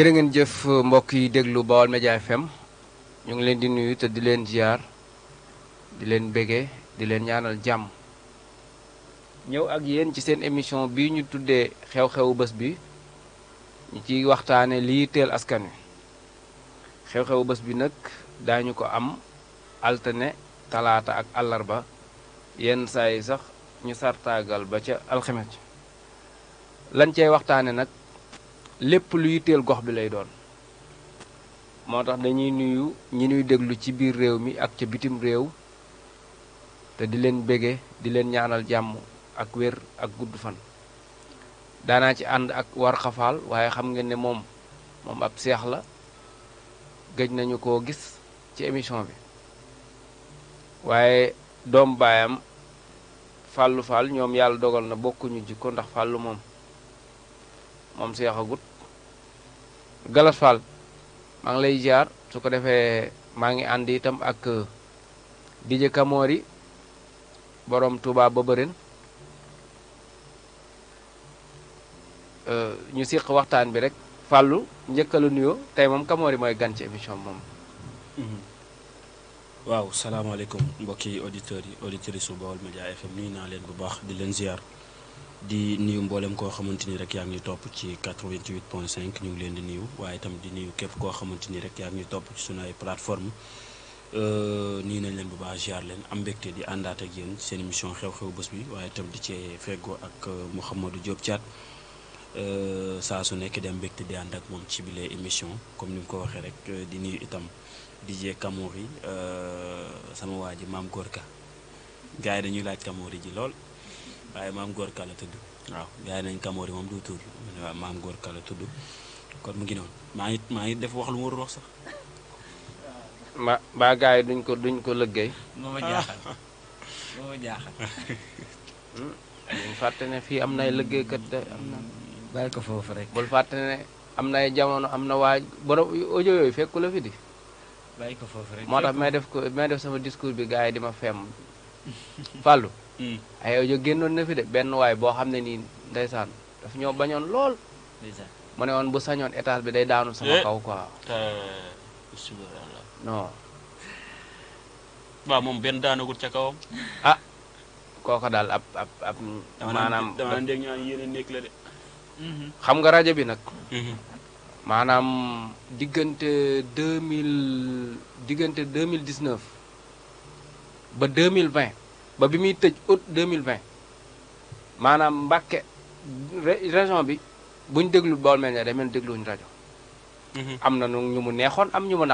jërë ngeen jëf mbokk yi déglu Baol Média FM ñu ngi leen di nuyu te di leen ziar di leen bége di leen ñaanal jàmm ñëw ak yéen ci seen émission bi ñu tuddee xew-xewu bés bi ñu ciy waxtaane lii teel askan wi xew-xewu bés bi nag daañu ko am altane talaata ak àllarba yenn saa sax ñu sartaagal ba ca alxames lan cay waxtaane nag lépp lu yitteel gox bi lay doon moo tax dañuy nuyu ñi nuy déglu ci biir réew mi ak ca bitim réew te di leen bége di leen ñaanal jàmm ak wér ak gudd fan daanaa ci ànd ak war xafaal waaye xam nga ne moom moom ab seex la gëj nañu ko gis ci émission bi waaye doom baayam fàllu fall ñoom yàlla dogal na bokkuñu jikko ndax fàllu moom moom seexagut Galas Fall maa ngi lay ziar su ko defee maa ngi ànd itam ak uh, DJ Kamori borom Touba Babërin uh, ñu siq waxtaan bi rek fàllu njëkkalu nuyoo tey moom kamoori mooy gan ci émission moom. Mhm. waaw salaamaaleykum mbokki auditeurs yi auditrices su Baol Média FM nuyu naa leen bu baax di leen ziar. di nuyu mboolem koo xamante ni rek yaa ngi topp ci 88 point 5 ñu ngi leen di nuyu waaye itam di nuyu képp koo xamante ni rek yaa ngi topp ci sunu ay plateforme euh, nii nañ leen bu baax ziar leen am mbégte di àndaat ak yéen seen émission xew-xew bés bi waaye itam di cee feggoo ak euh, Mouhamadou Diop Thiat euh, saa su nekk di am mbégte ànd ak moom ci bile émission comme ni mu ko waxee rek di nuyu itam DJ Kamori sama waa ji maam Gorka gars yi dañuy laaj Kamori ji lool. waaye maam góor kala tudd waaw gars yi nañ Kamori moom du tuur maam góor kala tudd kon mu ngi maa ngi def wax lu mu warul wax sax ma mbaa gars yi duñ ko duñ ko lëggéey moo ma jaaxal moo hmm. bul fàtte fii am nay liggéeykat de na hmm. ko foofu rek bul fàtte ne jamono am na waaj borom audio yooyu fekku la fi di ko foofu rek moo tax may def ko may def sama discours bi gaa yi di ma femm fàllu Mm. ay audio génnoon na fi de benn waay boo xam ne nii ndeysaan daf ñoo bañoon lool. mu ne woon bu sañoon étage bi day daanu sama eh. kaw quoi. non. moom benn daanagul ca kawam. a ah, kooka daal ab ab ab maanaam. Mhm. nga rajo bi nag. Mhm. maanaam diggante deux mille diggante deux mille dix neuf ba deux mille vingt ba bi muy tëj mil 2020 maanaam Mbàkke région bi buñ déglu bool mel ne demeen dégluwuñu rajo mhm. am na nu ñu mu neexoon am ñu mu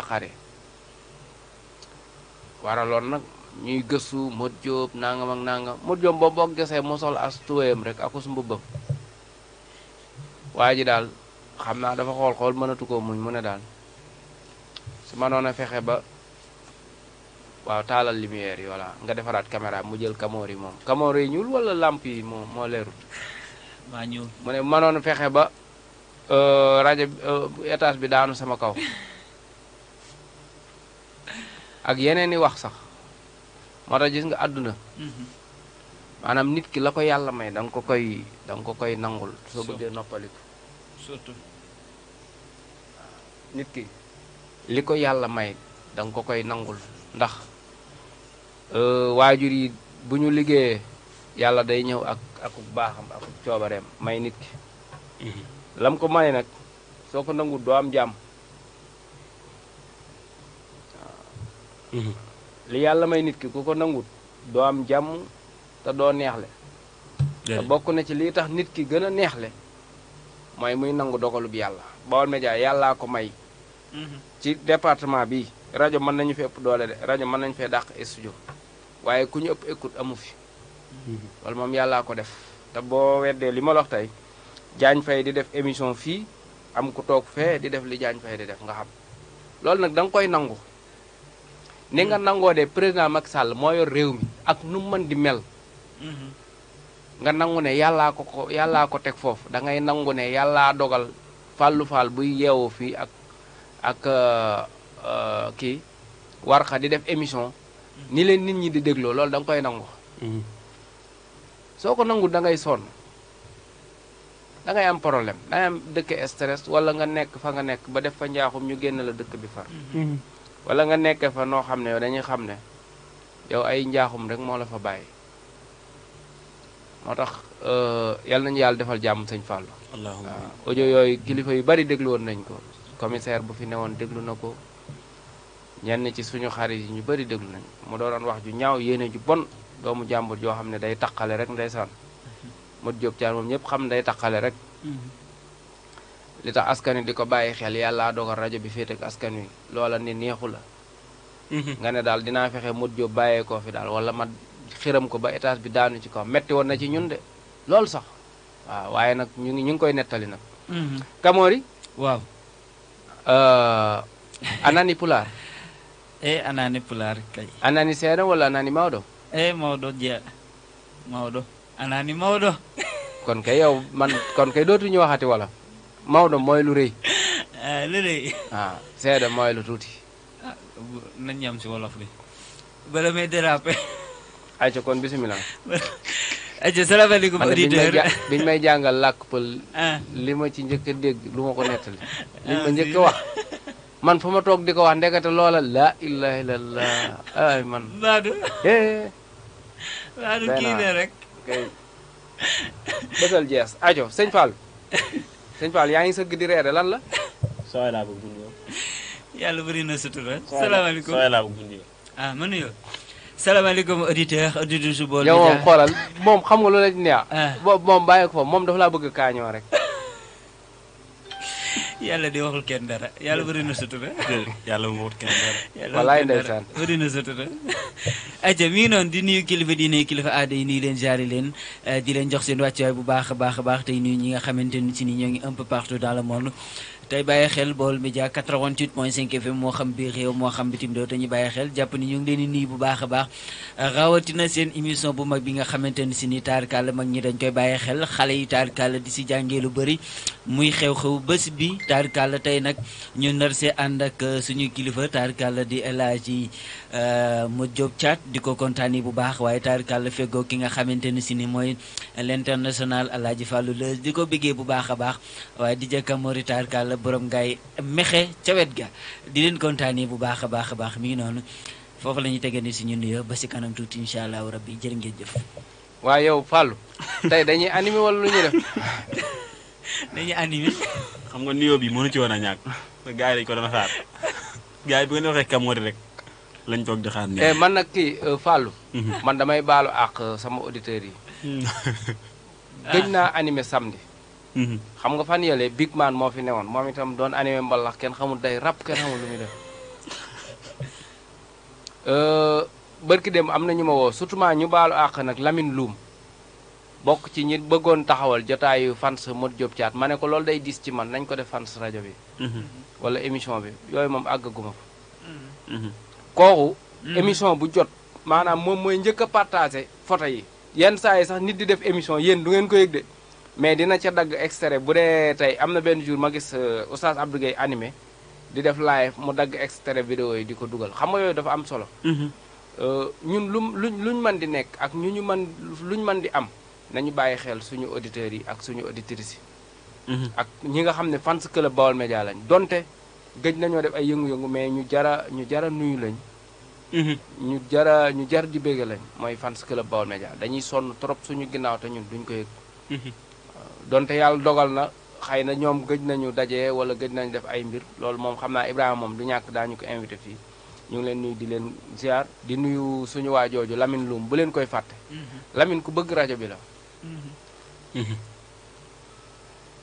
wara loon nag ñuy gëstu Modou Diop nangam ak nangam Modou Diop boobu boo gisee mu sol as rek akus mbubbam waa ji daal xam naa dafa xool xool mënatu ko muñ mu ne daal su ma noon a fexe waaw taalal lumière yi voilà nga defaraat caméra mu jël kamoor yi moom kamoor yi ñuul wala làmp yi moo moo leerut maa ñuul mu ne mënoon fexe ba euh, rajo euh, étage bi daanu sama kaw ak yeneen i wax sax moo tax gis nga àdduna mhm. maanaam nit ki la ko yàlla may danga ko koy da ko koy nangul soo bëggee noppaliku nit ki li ko yàlla may danga ko koy nangul ndax Euh, waajur yi bu ñu liggéeyee yàlla day ñëw ak ak baaxam ak coobareem may nit ki mm-hmm. lam ko may nag soo ko nangu doo am jàmm mm-hmm. li yàlla may nit ki ku ko nangut doo am jàmm te doo neexle te bokk na ci li tax nit ki gën a neexle mooy muy nangu dogalub yàlla Baol Média yàllaa ko may mm-hmm. ci département bi rajo man nañu fi doole de rajo mën nañu fee dàq studio waaye ku ñu ëpp écoute amu fi mhm. loolu moom yàllaa ko def te boo weddee li ma la wax tey Diagne Faye di def émission fii am ku toog fee di def li Diagne Faye di def nga xam loolu nag danga koy nangu ni nga nangoo de président Macky Sall moo yor réew ak nu mën di mel mhm. nga nangu ne yàllaa ko ko yàllaa ko teg foofu da ngay nangu ne yàllaa dogal fàllu faal buy yeewoo fii ak ak euh, euh, kii warxa di def émission ni leen nit ñi di dégloo loolu danga koy nangu mm-hmm. soo ko nangu dangay ngay sonn da am problème da am dëkk stress wala nga nekk fa nga nekk ba def fa njaaxum ñu génn la dëkk bi far mm-hmm. wala nga nekk fa noo xam ne yow dañuy xam ne yow ay njaaxum rek moo la fa bàyyi moo tax euh, yal nañu yàlla defal jàmm sëñ Fallou waaw audio yooyu kilifa yu bari déglu woon nañ ko commissaire bu fi newoon déglu na ko ñenn ci suñu xarit yi ñu bari déglu nañ mu doonoon wax ju ñaaw yéene ju bon doomu jàmbur joo xam ne day taqale rek ndeysaan mot jóob caan moom ñëpp xam day taqale rek li tax askan wi di ko bàyyi xel yàlla dogal rajo bi féete askan wi loola ni neexu la nga ne daal dinaa fexe mut jóob bàyyeekoo fi daal wala ma xiram ko ba étage bi daanu ci kaw metti woon na ci ñun de lool sax waaw waaye nag ñu ngi ñu ngi koy nettali nag mhm. kamoori waaw euh, anani pulaar e anani pulaar kay anani seeɗa walla anani mawɗo e mawɗo jeeya mawɗo anani mawɗo kono kay yow man kono kay ɗotuñu waxati wala mawɗo moylu rey lu rey eh, a seeɗa moylu tuuti ah, nañ ñam si wolof bi bala may dérapé ayca kon bisimila ajo salaamaaleykum auditeur biñ may jàngal làkk pël ah. li ma ci njëkk a dégg lu ma nettali liñ ma ah, wax man fa ma toog di ko wax ndekete loola laa ilaha illallah ay man. Badou. Badou kii ne rek. kay jees ajo sëñ Fall. sëñ Fall yaa ngi sëgg di reere lan la. sooy laa bëgg dund yow. yàlla bëri na sutura. salaamaaleykum sooy laa bëgg dund yow. ah ma nuyoo. salaamaaleykum auditeur auditeur su bool. yow xam nga lu la neex. Ah. moom bàyyi laa bëgg kaañoo rek. yàlla di waxul kenn dara yàlla bëri na sutura. yàlla mu waxul kenn dara. wallaay ndeysaan bëri na sutura. aja mi ngi noonu di nuyu kilifa di nuyu kilifa aada yi nii leen jaari leen eh, di leen jox seen wàccuwaay bu baax a baax a baax tey nuyu ñi nga xamante ni si ni ñoo ngi un peu partout dans le monde. tey bàyyi xel Baol Média 88 point 5 FM moo xam biir réew moo xam bitim réew te ñu bàyyi xel jàpp ni ñu ngi leen di nuyu bu baax a baax rawatina seen émission bu mag bi nga xamante ni si ni taarkaale mag ñi dañ bàyyi xel xale yi taarkaale di si jàngee lu bëri muy xew-xew bés bi taarkalla tey nag ñu nar see ànd ak uh, suñu kilifa taarkalla di El Hadji uh, Modou Diop Thiat di ko kontaani bu baax waaye taarkalla feggoo ki nga xamante ne si ni mooy l'international El Hadji Fallou Leuz di ko biggee bu baax a baax waaye di jëkka mori taarkalla borom ngaay mexe ca wet ga di leen kontaanee bu baax a baax a baax mi ngi noonu foofu la ñuy tegandi suñu nuyoo ba si kanam tuuti incha allahu rabbi jërë ngeen jëf. waaw yow Fallou tey dañuy animé. xam nga nuyoo bi mënu ci woon a ñàkk gars yi dañu ko doon xaar gars yi bu ngeen waxee Kamori rek lañ toog di xaar. Eh, man nag kii euh, Fallou. Mhm. man damay baalu ak euh, sama auditeurs yi. gëj naa animé samedi. Mhm. xam nga fan yële Big Man moo fi newoon moom itam doon animé mbalax kenn xamul day rap kenn xamul lu muy def. Euh, barki dem am na ñu ma woo surtout ñu baalu àq nag Lamine Loum. bokk ci ñi bëggoon taxawal jotaayu fans Modou Diop Thiat ma ne ko loolu day diis ci man nañ ko def fans rajo bi. Mhm. wala émission bi yooyu moom àggaguma fa. Mhm. Mhm. kooku. émission bu jot maanaam moom mooy njëkk a partagé photo yi yenn saa yi sax nit di def émission yéen du ngeen ko yëg de mais dina ca dagg extrait bu dee tey am na benn jour ma gis euh, Oustaz Abdou Gueye di def live mu dagg extrait vidéo yi di ko dugal xam nga yooyu dafa am solo. Euh, ñun lu luñ luñ mën di nekk ak ñu ñu mën luñ mën di am. nañu bàyyi xel suñu auditeurs yi ak suñu auditrices yi. Mhm. ak ñi nga xam ne fans club Baol Média lañ donte gëj nañoo def ay yëngu-yëngu mais ñu jara ñu jara nuyu lañ. Mhm. ñu jara ñu jar di bëgg lañ mooy fans club Baol Média dañuy sonn trop suñu ginnaaw te ñun duñ ko yëg. Mhm. donte yàlla dogal na xëy na ñoom gëj nañu daje wala gëj nañu def ay mbir loolu moom xam naa Ibrahima moom du ñàkk daañu ko invité fii. ñu ngi leen nuyu di leen ziar di nuyu suñu waa jooju Lamine Loum bu leen koy fàtte. Lamine bëgg rajo bi la. Mhm.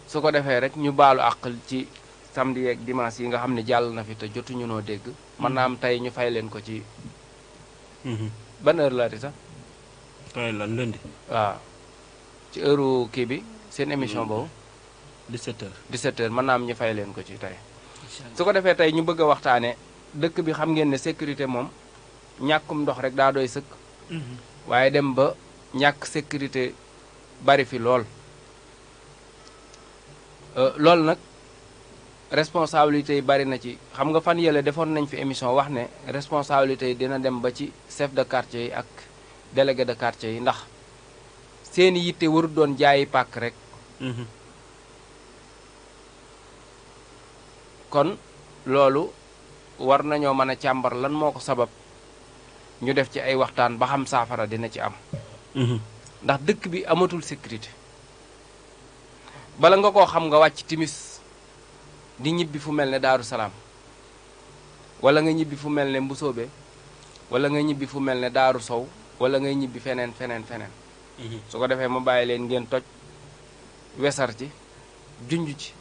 su ko defee rek ñu baalu àq ci samedi yeeg dimanche yi nga xam ne jàll na fi te jotuñu noo dégg. man naa am tey ñu fay leen ko ci. Mhm. ban heure laati sax. tey la lundi. waaw ci heure kii bi seen émission boobu. 17h 17h mën naa am ñu fay leen ko ci tey. su ko defee tey ñu bëgg a waxtaanee dëkk bi xam ngeen ne sécurité moom ñàkkum ndox rek daa doy sëkk. Mhm. waaye dem ba ñàkk sécurité bari fi lool euh, loolu nag responsabilité yi bari na ci xam nga fan yële defoon nañ fi émission wax ne responsabilité yi dina dem ba ci chef de quartier yi ak délégué de quartier yi ndax seeni yitte waru doon jaayi pàkk rek mhm. kon loolu war nañoo mën a càmbar lan moo ko sabab ñu def ci ay waxtaan ba xam saafara dina ci am mhm. ndax dëkk bi amatul sécurité bala nga koo xam nga wàcc timis di ñibbi fu mel ne Daaru Salaam wala nga ñibbi fu mel ne Mbusoobe wala nga ñibbi fu mel ne Daaru Sow wala nga ñibbi feneen feneen feneen mhm. su ko defee ma bàyyi leen ngeen toj wesar ci junj ci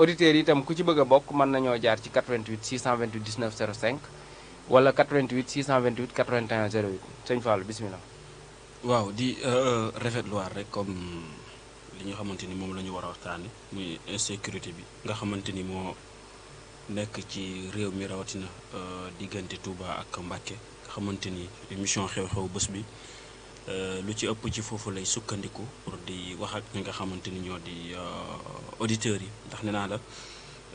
auditeurs yi itam ku ci bëgg a bokk mën nañoo jaar ci 88 628 19 05 wala 88 628 81 08 sëñ Fallou bisimilah waaw di euh, euh, rafetluwaat rek comme li nga xamante ni moom la ñu war a waxtaanee muy insécurité bi nga xamante ni moo nekk ci réew mi rawatina euh, diggante Touba ak Mbacké nga xamante ni émission xew-xew bés bi lu ci ëpp ci foofu lay sukkandiku pour di wax ak ñi nga xamante ni ñoo di auditeurs yi ndax nee naa la.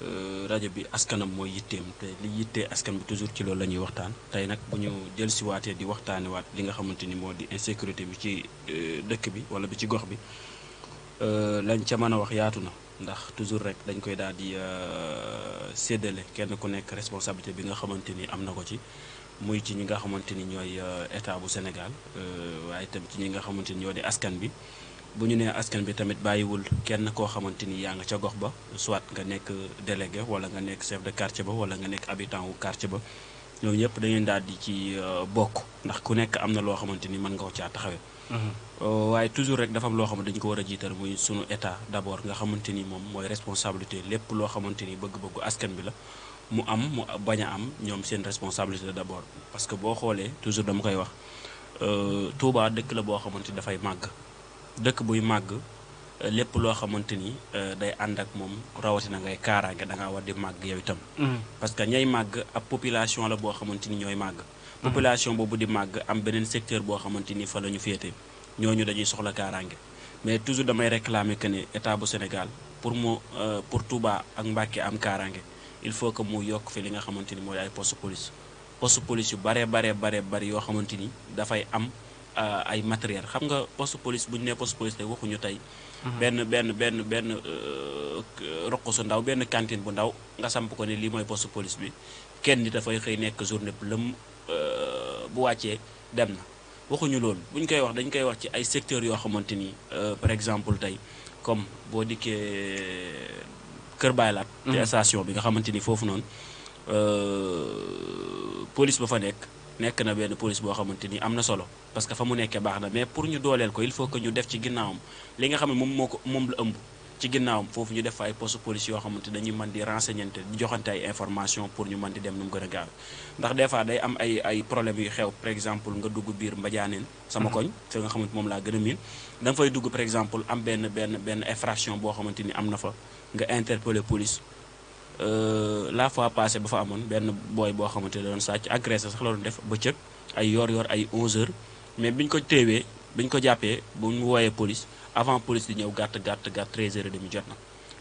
Euh, rajo bi askanam mooy yitteem te li yittee askan bi toujours ci loolu la ñuy waxtaan tey nag bu ñu jël si waatee di waat li nga xamante ni moo di insécurité bi ci euh, dëkk bi wala bi ci gox bi euh, lañ ca mën a wax yaatu na ndax toujours rek dañ koy daal di séddale kenn ku nekk responsabilité bi nga xamante ni am na ko ci muy ci ñi nga xamante ni ñooy état bu Sénégal waaye tam ci ñi nga xamante ni ñoo di askan bi bu ñu nee askan bi tamit bàyyiwul kenn koo xamante ni yaa nga ca gox ba soit nga nekk délégué wala nga nekk chef de quartier ba wala nga nekk habitant wu quartier ba ñoom ñëpp dañuy daal di ci euh, bokk ndax ku nekk am na loo xamante ni mën nga ko caa taxawee. Mhm. Euh, waaye toujours rek dafa am loo xam ne dañu ko war a jiital muy sunu état d'abord nga xamante ni moom mooy responsabilité lépp loo xamante ni bëgg-bëggu askan bi la mu am mu bañ a am ñoom seen responsabilité d'abord parce que boo xoolee toujours dama koy wax euh, Touba dëkk la boo xamante ni dafay màgg. dëkk buy màgg euh, lépp loo xamante ni euh, day ànd ak moom rawatina ngay kaaraange da ngaa war di màgg yow itam. Mm-hmm. parce que ñay màgg ab population la boo xamante ni ñooy màgg. Mm-hmm. population boobu di màgg am beneen secteur boo xamante ni fa la ñu féete ñooñu dañuy soxla kaaraange mais toujours damay réclamer que ne état bu Sénégal pour mu euh, pour Touba ak Mbacké am kaaraange il faut que mu yokk fi li nga xamante ni mooy ay poste police poste police yu bare bare bare bari yoo xamante ni dafay am. Euh, ay matériel xam nga post police bu ñu nee poste police tey waxuñu tey. Mhm. benn benn benn benn euh, roq su ndaw benn cantine bu ndaw nga samp ko ne lii mooy post police bi kenn nit dafay xëy nekk journée bu lëm euh, bu wàccee dem na. waxuñu lool bu ñu koy wax dañ koy wax ci ay secteurs yoo xamante ni par exemple tey comme boo dikkee Kër Baylaat. te mhm. station bi nga xamante ni foofu noonu police ba fa nekk. nekk na benn police boo xamante ni am na solo parce que fa mu nekkee baax na mais pour ñu dooleel ko il faut que ñu def ci ginnaawam li nga xam ne moom moo ko moom la ëmb ci ginnaawam foofu ñu def fa ay poste police yoo xamante dañuy man di renseigner di joxante ay information pour ñu mën di dem nu mu gën a gaaw ndax des fois day am ay ay problèmes yu xew par exemple nga dugg biir mbajaaneen sama mhm. koñ te nga xamante moom laa gën a miin da nga fay par exemple am benn benn benn infraction boo xamante ni am na fa nga interpeller police Euh, la fois passée ba fa amoon benn booy boo xamante ne doon sàcc agressé sax la doon def bëccëg ay yor-yor ay 11h mais ñu ko téewee biñ ko jàppee bu mu wooyee police avant police di ñëw gàtt gàtt gàtt 13h demi jot na.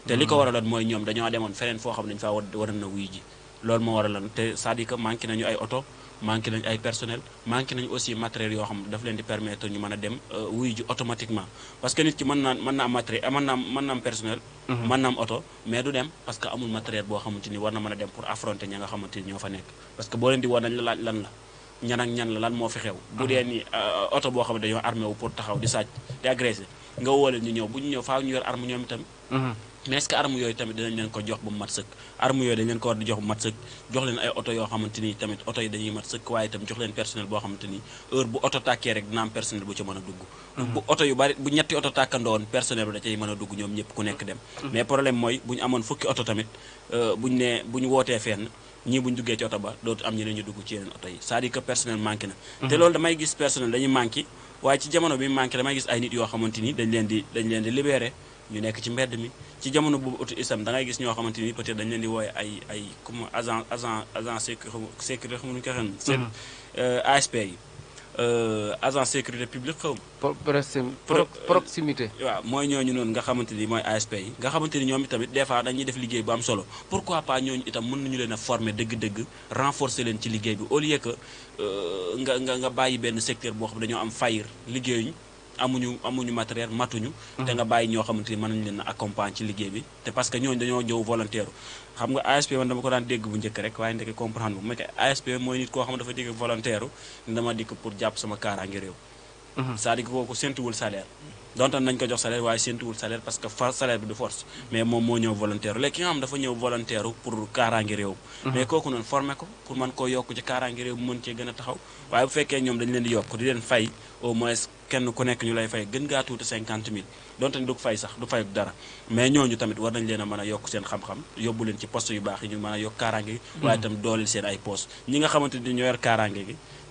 te li ko hmm. waraloon mooy ñoom dañoo demoon feneen foo xam ne dañu faa war a na wuy ji loolu moo waraloon te c'est-à-dire que nañu ay oto. manqué nañ ay personnel manqué nañ aussi matériel yoo xam daf leen di permettre ñu mën a dem euh, wuyu ji automatiquement parce que nit ki mën naa mën naa am matériel eh, mën naa mën naa am personnel mhm. mën naa am mais du dem parce que amul matériel boo xamante ni war na mën a dem pour affronter ña nga xamante ni ñoo fa nekk parce que boo leen di woo la laaj lan la ñan ñan la lan moo fi xew bu mhm. dee ni euh, oto boo xam ne dañoo armé pour taxaw di sàcc di ñu ñëw mais est-ce que arme yooyu tamit dinañ leen ko jox bu mat sëkk arme yooyu dañ leen ko war di jox bu mat sëkk jox leen ay oto yoo xamante ni tamit oto yi dañuy ni heure bu oto tàkkee rek dina am personnel bu ci mën a ne bu ñu wootee fenn ñii bu ñu duggee ci oto ba dootu am ñeneen ñu dugg ci yeneen oto yi c'est-à-dire que personnel manqué na mm-hmm. te loolu damay gis personnel dañuy manqué waaye ci jamono bi manqué damay gis ay nit yoo xamante ni dañ leen di dañ leen di libéré ñu nekk ci mbedd mi ci jamono boobu auto islam da ngay gis ñoo xamante ni peut dañ leen di wooye ay ay comme agent agent agent sécurité xamuñu ko xam seen mhm. euh, ASP yi euh, agent sécurité publique xaw ma proximité euh, waaw mooy ñooñu noonu nga xamante ni mooy ASP yi nga xamante ni ñoom itamit des fois dañuy def liggéey bu am solo pourquoi pas ñooñu itam mën nañu leen a former dëgg-dëgg renforcer leen ci liggéey bi au lieu que nga nga nga bàyyi benn secteur boo xam dañoo am fayir liggéeyuñ amuñu amuñu matériel matuñu te nga bàyyi ñoo xamante ni mën nañu a accompagner ci liggéey bi te parce ñooñu dañoo jëw volontaire xam nga ASP man dama ko daan dégg bu njëkk rek waaye ndeke comprendre bu mekke ASP mooy nit koo xam dafa dégg volontaire dama dikk pour jàpp sama kaaraange réew mhm. cest à kooku séntuwul salaire donte nañ ko jox salaire waaye séentuwul salaire parce que fa salaire bi du force mais moom moo ñëw volontaire léegi ki nga mhm. noonu formé ko pour mën koo yokk ci kaaraange réew mu mën cee gën a taxaw waaye bu fekkee ñoom dañ leen di yokk di leen fay au moins kenn ku nekk ñu lay fay gën gaa tuuti cinquante mille donte ni du fay sax du fay dara mais ñooñu tamit war nañ leen a mën a yokk seen xam-xam yóbbu leen ci post yu baax yi ñu mën a yokk kaaraange mhm. nga xamante ni ñoo yor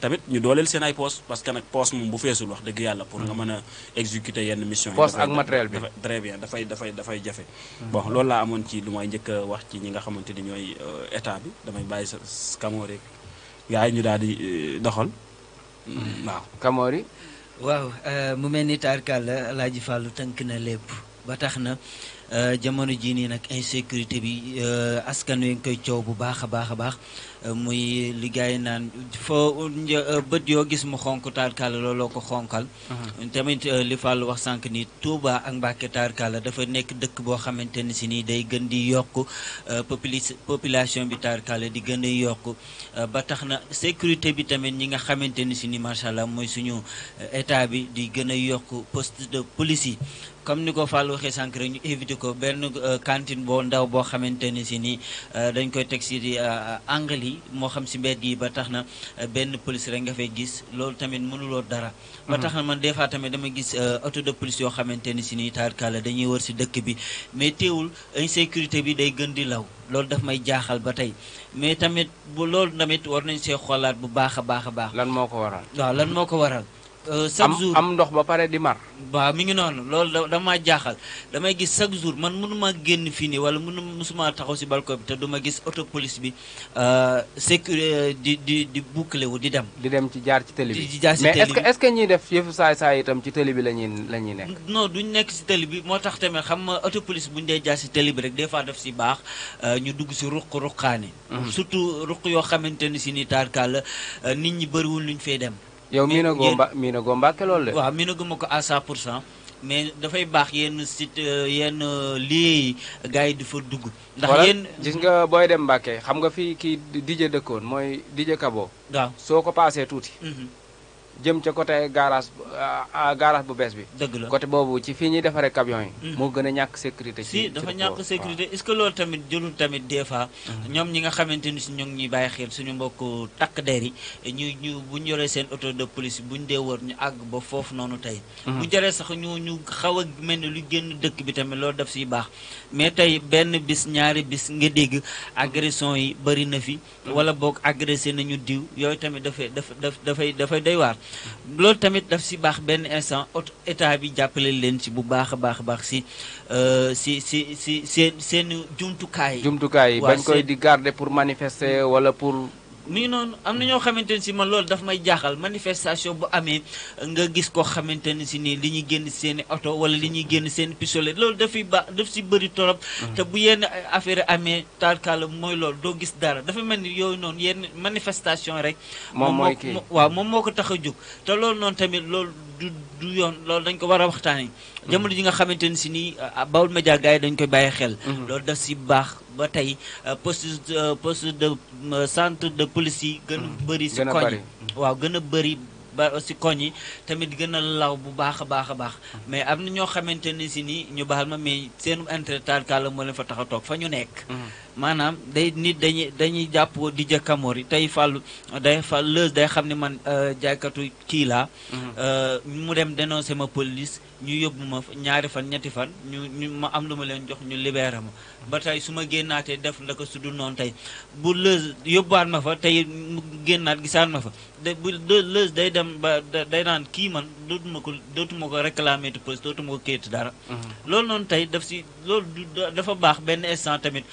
tamit ñu dooleel seen ay poos parce que nag poos moom bu feesul wax dëgg yàlla pour nga hmm. mën a exécuter yenn mission yi poos ak matériel bi très dafay dafay jafe hmm. bon loolu laa amoon ci lu may njëkk wax ci ñi nga xamante ni ñooy euh, état bi damay bàyyi sa Kamori gars yi ñu daal di euh, doxal hmm, waaw Kamori waaw euh, mu mel ni taarkaal la Alaaji Fàllu tënk na lépp ba tax na Euh, jamono jii nii nag sécurité bi euh, askan wi ngi koy coow bu baax a baax a baax euh, muy liggéey naan foo bët yoo gis mu xonk taarkaala looloo ko xonkal. Uh-huh. tamit li Fall wax sànq ni Touba ak Mbacke taarkaala dafa nekk dëkk boo xamante ne si nii day gën di yokk population bi taarkaala di gën di yokk ba tax na sécurité bi tamit ñi nga xamante ni si ni macha allah mooy suñu état bi di gën a yokk poste de police yi comme ni ko Fall waxee sànq rek ñu éviter ko benn euh, cantine boo ndaw boo xamante ne si nii euh, dañ koy teg si di euh, angle yi moo xam si mbedd yi ba tax na benn police rek nga fay gis loolu tamit mënuloo dara. ba mhm. tax na man des fois tamit dama gis auto de police yoo xamante ni si nii taarkaala dañuy war si dëkk bi mais teewul sécurité bi day gën di law loolu daf may jaaxal ba tey mais tamit bu loolu tamit war nañ see xoolaat bu baax a baax a baax. lan moo ko waral waaw lan moo ko waral. Euh, chaque jour am ndox ba pare di mar. waaw mi ngi noonu loolu dama jaaxal damay gis chaque jour man mënuma génn fii nii wala mënu mësuma taxaw si balcon bi te duma gis auto police bi euh, sécurité euh, di di di boucler wu di dem. di dem ci jaar ci télé bi di jaar ci télé bi mais est ce que ñuy def yëfu saay saay itam ci télé bi la ñuy la ñuy nekk. non duñ nekk si télé bi moo tax tamit xam nga auto police buñ dee jaar si télé bi rek des def daf si baax ñu dugg si ruq ruqaani. Mhm. surtout ruq yoo xamante ni si ni taarkaal nit ñi bëriwul luñ fay dem. yow miinagoo mba miinagoo Mbàkke loolu de. waaw miinaguma ko à 100 pour cent mais dafay baax yenn sit euh, yenn euh, lii gars yi di fa dugg. ndax yéen gis nga booy dem Mbàkke xam nga fii kii DJ dëkkoon mooy a Kabo. waaw soo ko paasee tuuti. Mhm. jëm ca côté garage euh, garage bu bees bi. dëgg la côté boobu ci fii ñuy defaree camion yi. Mm. moo gën a ñàkk sécurité. si dafa ñàkk sécurité est-ce que loolu tamit jëlul tamit des fois. Mm. ñoom ñi nga xamante ni si ñoo ngi ñuy bàyyi xel suñu mbokk takk der yi ñu ñu bu ñu yoree seen auto de police bu ñu dee wër ñu àgg ba foofu noonu tey. Mm-hmm. bu jëree sax ñu ñu xaw a mel ni lu génn dëkk bi tamit loolu def siy baax mais tey benn bis ñaari bis nga dégg agression yi bëri na fi. Mm-hmm. wala boog agressé nañu diw yooyu tamit dafay dafay dafay dafay doy loolu tamit daf si baax benn instant état bi jàppale leen si bu baax a baax a baax si euh, si si si seen seen jumtukaay. jumtukaay bañ koy di garder pour manifester wala pour. mi noonu am na ñoo xamante ne si man loolu daf may jaaxal manifestation bu amee nga gis koo xamante ne si nii li ñuy génn seen i oto wala li ñuy génn seen pistolet loolu dafay ba daf si bëri torop mm. te bu yenn affaire amee tarkaala mooy loolu doo gis dara dafa mel ni yooyu noonu yenn manifestation rek. moom mooy kii waaw moom moo ko tax a jóg te loolu noonu tamit loolu. du yoon loolu dañ ko war a waxtaanee. jamono ji nga xamante ni si nii ah, ba Média gars dañ koy bàyyi xel. Mhm. loolu daf si baax ba tey ah, poste ah, poste de centre de police yi. gën a mhm. bëri si koñ waaw gën a bëri. ba si koñ yi tamit gën a law bu baax a baax a baax mhm. mais am na ñoo xamante ni si nii ñu baal ma mais seen intérêt taal kàlla moo leen fa tax a toog fa ñu nekk. maanaam day nit dañuy dañuy jàpp di jëkkamoor yi tey fàllu day fàll leuse day xam ne man euh, jaaykatu kii laa mhm. euh, mu dem dénoncé ma police ñu yóbbu ma ñaari fan ñetti fan ñu ñu ma am lu ma leen jox ñu libeera ma ba tey su ma génnaatee def la ko su dul noonu tey bu leuse yóbbuwaat ma fa tey mu génnaat gisaat ma fa da bu leuse day dem ba day naan kii man dootuma ko dootuma ko réclamé te police dootuma ko kéeti dara mhm. loolu noonu tey daf si loolu dafa baax benn instant tamit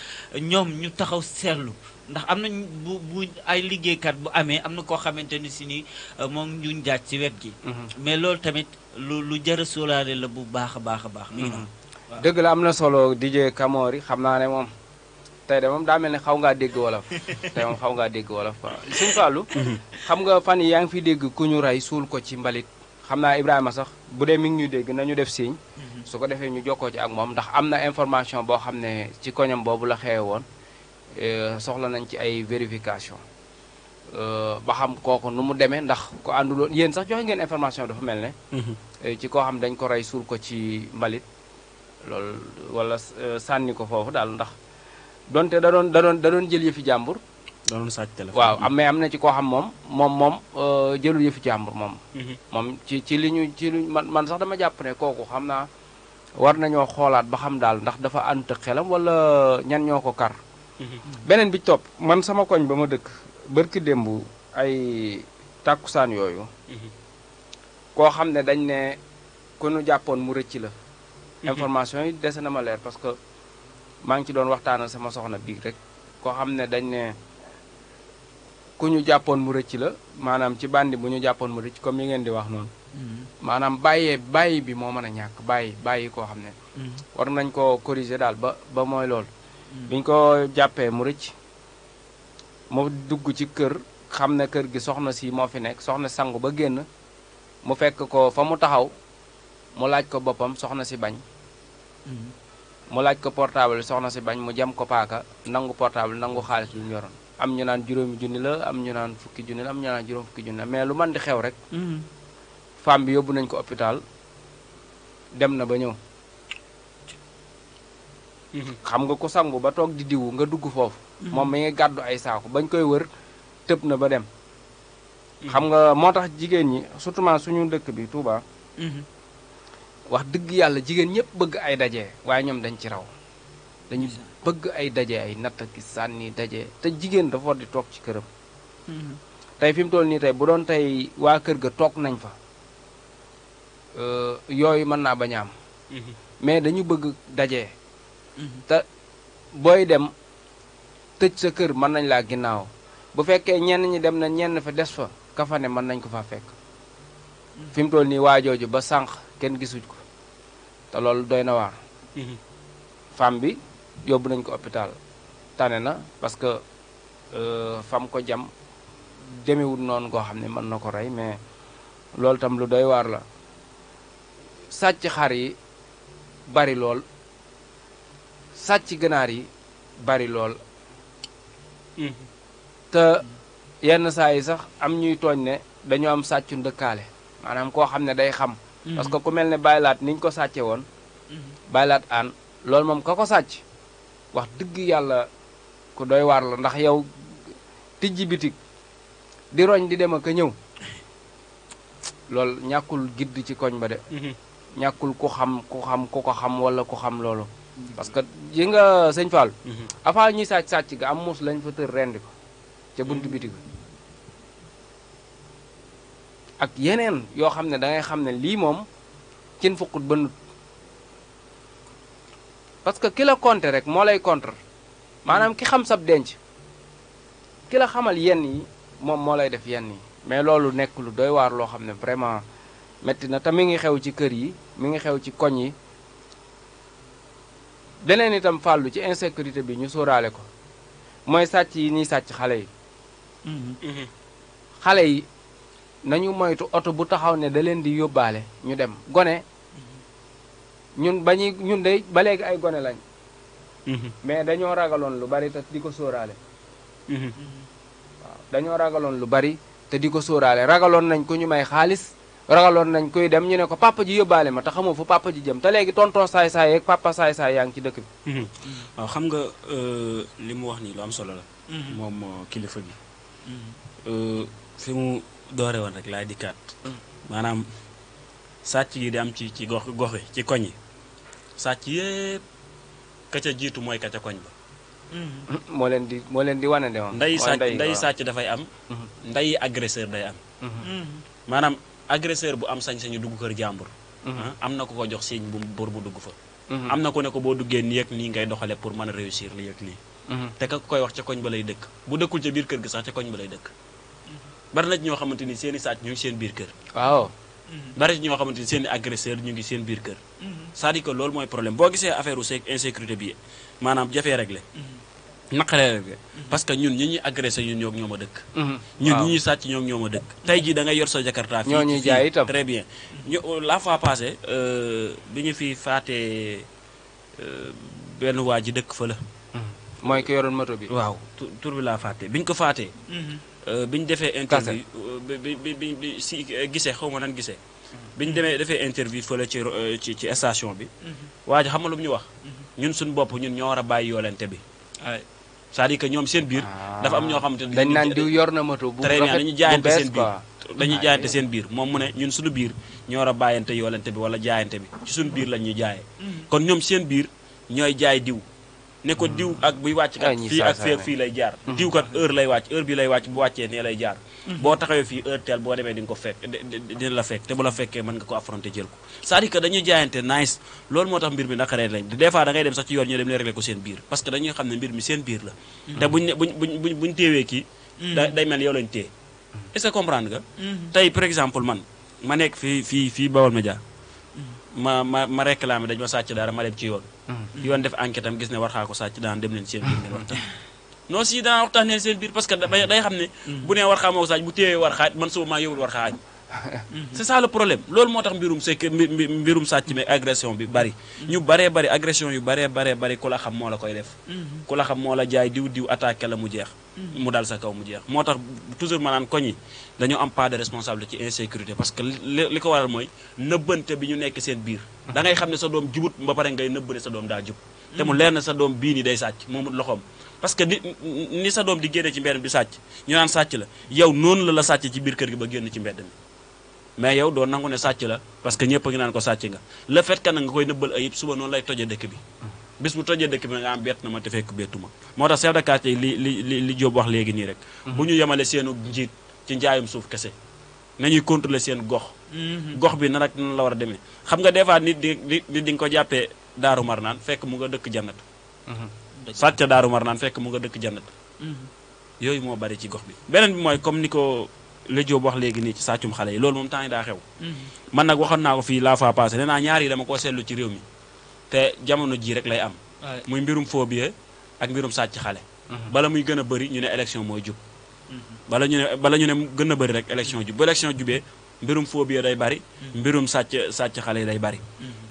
ñoom ñu taxaw seetlu ndax am na bu bu ay liggéeykat bu amee am na koo xamante ni si ni euh, moom ñu jaaj ci wet gi. Mhm. mais loolu tamit lu lu jar a la bu baax a baax a baax. Mhm. dëgg la am na solo DJ Kamori xam naa ne moom te de moom daa mel ne xaw ngaa dégg wolof tey moom xaw ngaa dégg wolof quoi suñu mhm. xam nga fan yi yaa ngi fi dégg ku ñu rey suul ko ci mbalit. xam naa Ibrahima sax bu dee mi ngi dégg nañu def signe mhm. su ko defee ñu jokkoo ci ak moom ndax am na information boo xam ne ci koñam boobu la xewe woon euh, soxla nañ ci ay vérification euh, ba xam kooku nu mu demee ndax ko ànduloon yéen sax joxe ngeen information dafa mel ne mhm. euh, ci ko xam dañ ko rey suur ko ci mbalit loolu wala sànni ko foofu daal ndax donte da doon da doon jël yëfi jàmbur doon sàcc téléphone waaw am am na ci ko xam moom moom moom euh, jëlul yëfu jàmbur moom. Mhm. moom ci ci li ñu ci man man sax dama jàpp ne kooku xam naa war nañoo xoolaat ba xam daal ndax dafa ànd xelam wala ñan ñoo ko kar. Mhm. beneen bi topp man sama koñ ba ma dëkk bërki démb ay tàkkusaan yooyu. Mhm. koo xam ne dañ ne ku nu jàppoon mu rëcc la. information yi dese na ma leer parce que maa ngi ci doon waxtaanal sama soxna bii rek koo xam ne dañ ne. ku ñu jàppoon mu rëcc la maanaam ci bandi bu ñu jàppoon mu rëcc comme yi ngeen di wax noonu mm-hmm. maanaam bàyyee bàyyi bi moo mën a ñàkk bàyyi bàyyi koo xam ne mm-hmm. war nañ ko corriger daal ba ba mooy loolu mm-hmm. biñ ko jàppee mu rëcc mu dugg ci kër xam ne kër gi soxna si moo fi nekk soxna sangu ba génn mu fekk ko fa mu taxaw mu laaj ko boppam soxna si bañ mu laaj ko portable soxna si bañ mu jam ko paaka nangu portable nangu xaalis bi mu yoroon am ñu naan juróomi junni la am ñu naan fukki junni la am ñu naan fukki junni la mais lu man di xew rek. Mm-hmm. femme bi yóbbu nañ ko hôpital dem na ba ñëw. Mm-hmm. xam nga ku sangu ba toog di diwu nga dugg foofu. Mm-hmm. moom mi ngi gàddu ay saako bañ koy wër tëb na ba dem. xam nga moo tax jigéen ñi surtout suñu dëkk bi tuuba wax dëgg yàlla jigéen ñëpp bëgg ay daje waaye ñoom dañ ci raw bëgg ay daje ay natt ki sànni daje te jigéen dafa war di toog ci këram. Mm-hmm. tey fi mu toll nii tey bu doon tey waa kër ga toog nañ fa euh, yooyu mën naa bañ mm-hmm. mais dañu bëgg daje. Mm-hmm. te booy dem tëj sa kër mën nañ laa ginnaaw bu fekkee ñenn ñi dem na ñenn fa des fa kafane mën nañ ko fa fekk. fi mu toll nii waajooju ba sànq kenn gisuñ ko te loolu doy na waar. femme bi. yóbbu nañ ko hôpital tane na parce que euh, fam ko jam demewul noonu koo xam ne mën na ko rey mais loolu tam lu doy waar la sàcc xar yi bari lool sàcc ganaar yi bari lool mm-hmm. te yenn saa yi sax am ñuy tooñ ne dañoo am sàccu ndëkkaale maanaam koo xam ne day xam mm-hmm. parce que ku mel ne baylaat niñ ko sàcce mm-hmm. baylaat aan loolu moom ka ko sàcc wax dëgg yàlla ku doy waar la ndax yow tijji bitig di roñ di dem ak a ñëw loolu ñàkkul gidd ci koñ ba de mhm. ñàkkul ku xam ku xam ku ko xam wala ku xam loolu mhm. parce que yi nga sëñ Fall mhm. avant ñuy sàcc sàcc ga am muus lañ fa tër rendi ko ca buntu bitig ak yeneen yoo xam ne da xam ne lii moom cin fukkut ba nut parce que ki la rek moo lay contre maanaam ki xam sab denc ki xamal yenn yi moom moo lay def yenn yi mais loolu nekk lu doy waar loo xam ne vraiment métti na te mi ngi xew ci kër yi mu ngi xew ci koñ yi beneen itam fàllu ci insécurité bi ñu sóoraale ko mooy sàcc yi ñuy sàcc xale yi mm-hmm. xale yi nañu moytu oto bu taxaw ne da leen di yóbbaale ñu dem gone ñun ba ñuy ñun de ba léegi ay gone lañ. Mhm. mais dañoo ragaloon lu bari te di ko sóoraale. Mhm. dañoo ragaloon lu bari te di ko sóoraale ragaloon nañ ko ñu may xaalis ragaloon nañ koy dem ñu ne ko papa ji yóbbaale ma te xamoo fu papa ji jëm te léegi tonton saay saay yeeg yaa ngi ci dëkk bi. Mhm. waaw xam nga euh, li mu wax nii lu am solo la. moom euh, kilifa bi euh, fi mu doore woon rek laay dikkaat. Mm. maanaam sàcc yi di am ci ci gox gox yi ci koñ yi. sàcc yépp ka ca jiitu mooy ka ca koñ ba. Mm-hmm. moo leen di moo leen di wane de moom. nday sàcc nday sàcc dafay am. Mm-hmm. nday agresseur day am. Mm-hmm. maanaam agresseur bu am sañ-sañu dugg kër jàmbur. Ah, am na ko ko jox signe bu bor bu dugg fa. am na ko ne ko boo duggee nii ak nii ngay doxale pour mën a réussir lii ak lii. te ka koy wax ca koñ ba lay dëkk bu dëkkul ca biir kër gi sax ca koñ ba lay dëkk. bari na ñoo xamante ni seen i sàcc ñu ngi seen biir kër. bari ci ñoo xamante seen i agresseur ñu ngi seen biir kër. cest à ko loolu mooy problème boo gisee affaire u insécurité bi maanaam jafee réglé. Mm-hmm. naqaree réglé parce que ñun ñu ñuy agressé ñu ñoo ñoom a dëkk. Mm-hmm. ñun ñi ñu sàcc ñoo ñoo a dëkk. tey jii da ngay yor sa jakarta fii ñoo ñuy jaay itam très bien. ñu la fois passée euh, bi ñu fi faatee euh, benn waa ji dëkk fa la. Mm-hmm. mooy ko yoroon moto bi. waaw tur bi laa fàtte bi ñu ko faatee. Euh, bi ñu defee interview euh, bi bi bi bi si gisee xaw ma nan gisee. Mhm. bi ñu demee defee interview fële ci euh, ci ci station bi. Mhm. waa xam nga lu mu ñu wax. Mhm. ñun suñu bopp ñun ñoo war a bàyyi yoolente bi. c'est-à-dire que ñoom seen biir. Ah. dafa am ñoo xamante ne dañ naan yor na moto bu rafet dañuy jaayante seen biir dañuy jaayante seen biir moom mu ne ñun suñu biir ñoo war a bàyyante yoolente bi wala jaayante bi ci suñu biir lañ ñuy jaayee. kon ñoom seen biir ñooy jaay diw. ne ko diw ak buy wàcc kat fii ak fii lay jaar mm-hmm. diw kat heure lay wàcc heure bi lay wàcc bu wàccee nee lay jaar mm-hmm. boo taxawee fii heure teel boo demee di ko fekk dina la fekk te bu la fekkee mën nga ko affronter jël ko c'est-à-dire dañuy jaayante nice loolu moo tax mbir mi naqaree lañ des fois da dem sax ci yoon ñoo dem leen régler ko seen biir parce que dañuy xam ne mbir mi seen biir la mm-hmm. te buñ ne buñ buñ buñ téewee kii day mel yow lañ téye est-ce que ma nekk fii fii ma ma ma réclamé dañ ma sàcc dara ma dem ci yoon. Hmm. yoon def enquête am gis war xaa ko sàcc daan dem leen seen biir ngeen waxtaan. non si daan waxtaanee seen biir parce que day xam ne. Hmm. bu nee war xaa moo bu téyee war xaaj man suba maa yóbbul war xaaj. c'est ça le problème loolu moo tax mbirum c'est que mbirum sàcc mi agression bi bari. Mm-hmm. ñu baree bari agression yu baree baree bari ku la xam moo la koy def. Mm-hmm. ku la xam moo la jaay diw diw attaque la mu jeex. Mm-hmm. mu dal sa kaw mu jeex moo tax toujours maanaam koñ yi dañoo am part de responsabilité ci insécurité parce que li li ko waral mooy nëbbante bi ñu nekk seen biir. da ngay xam ne sa doom jubut ba pare ngay nëbb sa doom daa jub. te mu leer na sa doom bii nii day sàcc moomut loxoom. parce que ni ni sa doom di génne ci mbedd mi di sàcc sàcc la yow noonu la la sàcc ci biir kër gi ba génn ci mbedd mi. mais yow doo nangu ne sàcc la parce que ñëpp a ngi naan ko sàcc nga le fait que nga koy nëbbal ayib suba noonu lay toje dëkk bi bis bu tojee dëkk bi nga moo tax chef de quartier nii rek bu ñu yemale seenu njiit ci njaayum suuf kese nañuy contrôler seen gox gox bi nan ak nan la war a demee xam nga des fois nit di nit nga ko jàppee daaru mar naan fekk mu nga dëkk jannat sàcc daaru mar naan fekk mu nga dëkk jannat mhm. yooyu moo bari ci gox bi beneen bi mooy comme ni ko la Diop wax léegi nii ci sàccum xale yi loolu moom temps yi daa xew mhm. man nag waxoon naa ko fii la fois passé nee naa ñaar yi dama koo seetlu ci réew mi te jamono jii rek lay am muy mbirum phobie ak mbirum sàcc xale mhm. bala muy gën a bëri ñu ne élection mooy jub mhm. bala ñu ne bala ñu ne gën a bëri rek élection jub bu élection jubee mbirum phobie day bari mbirum sàcc sàcc xale yi day bari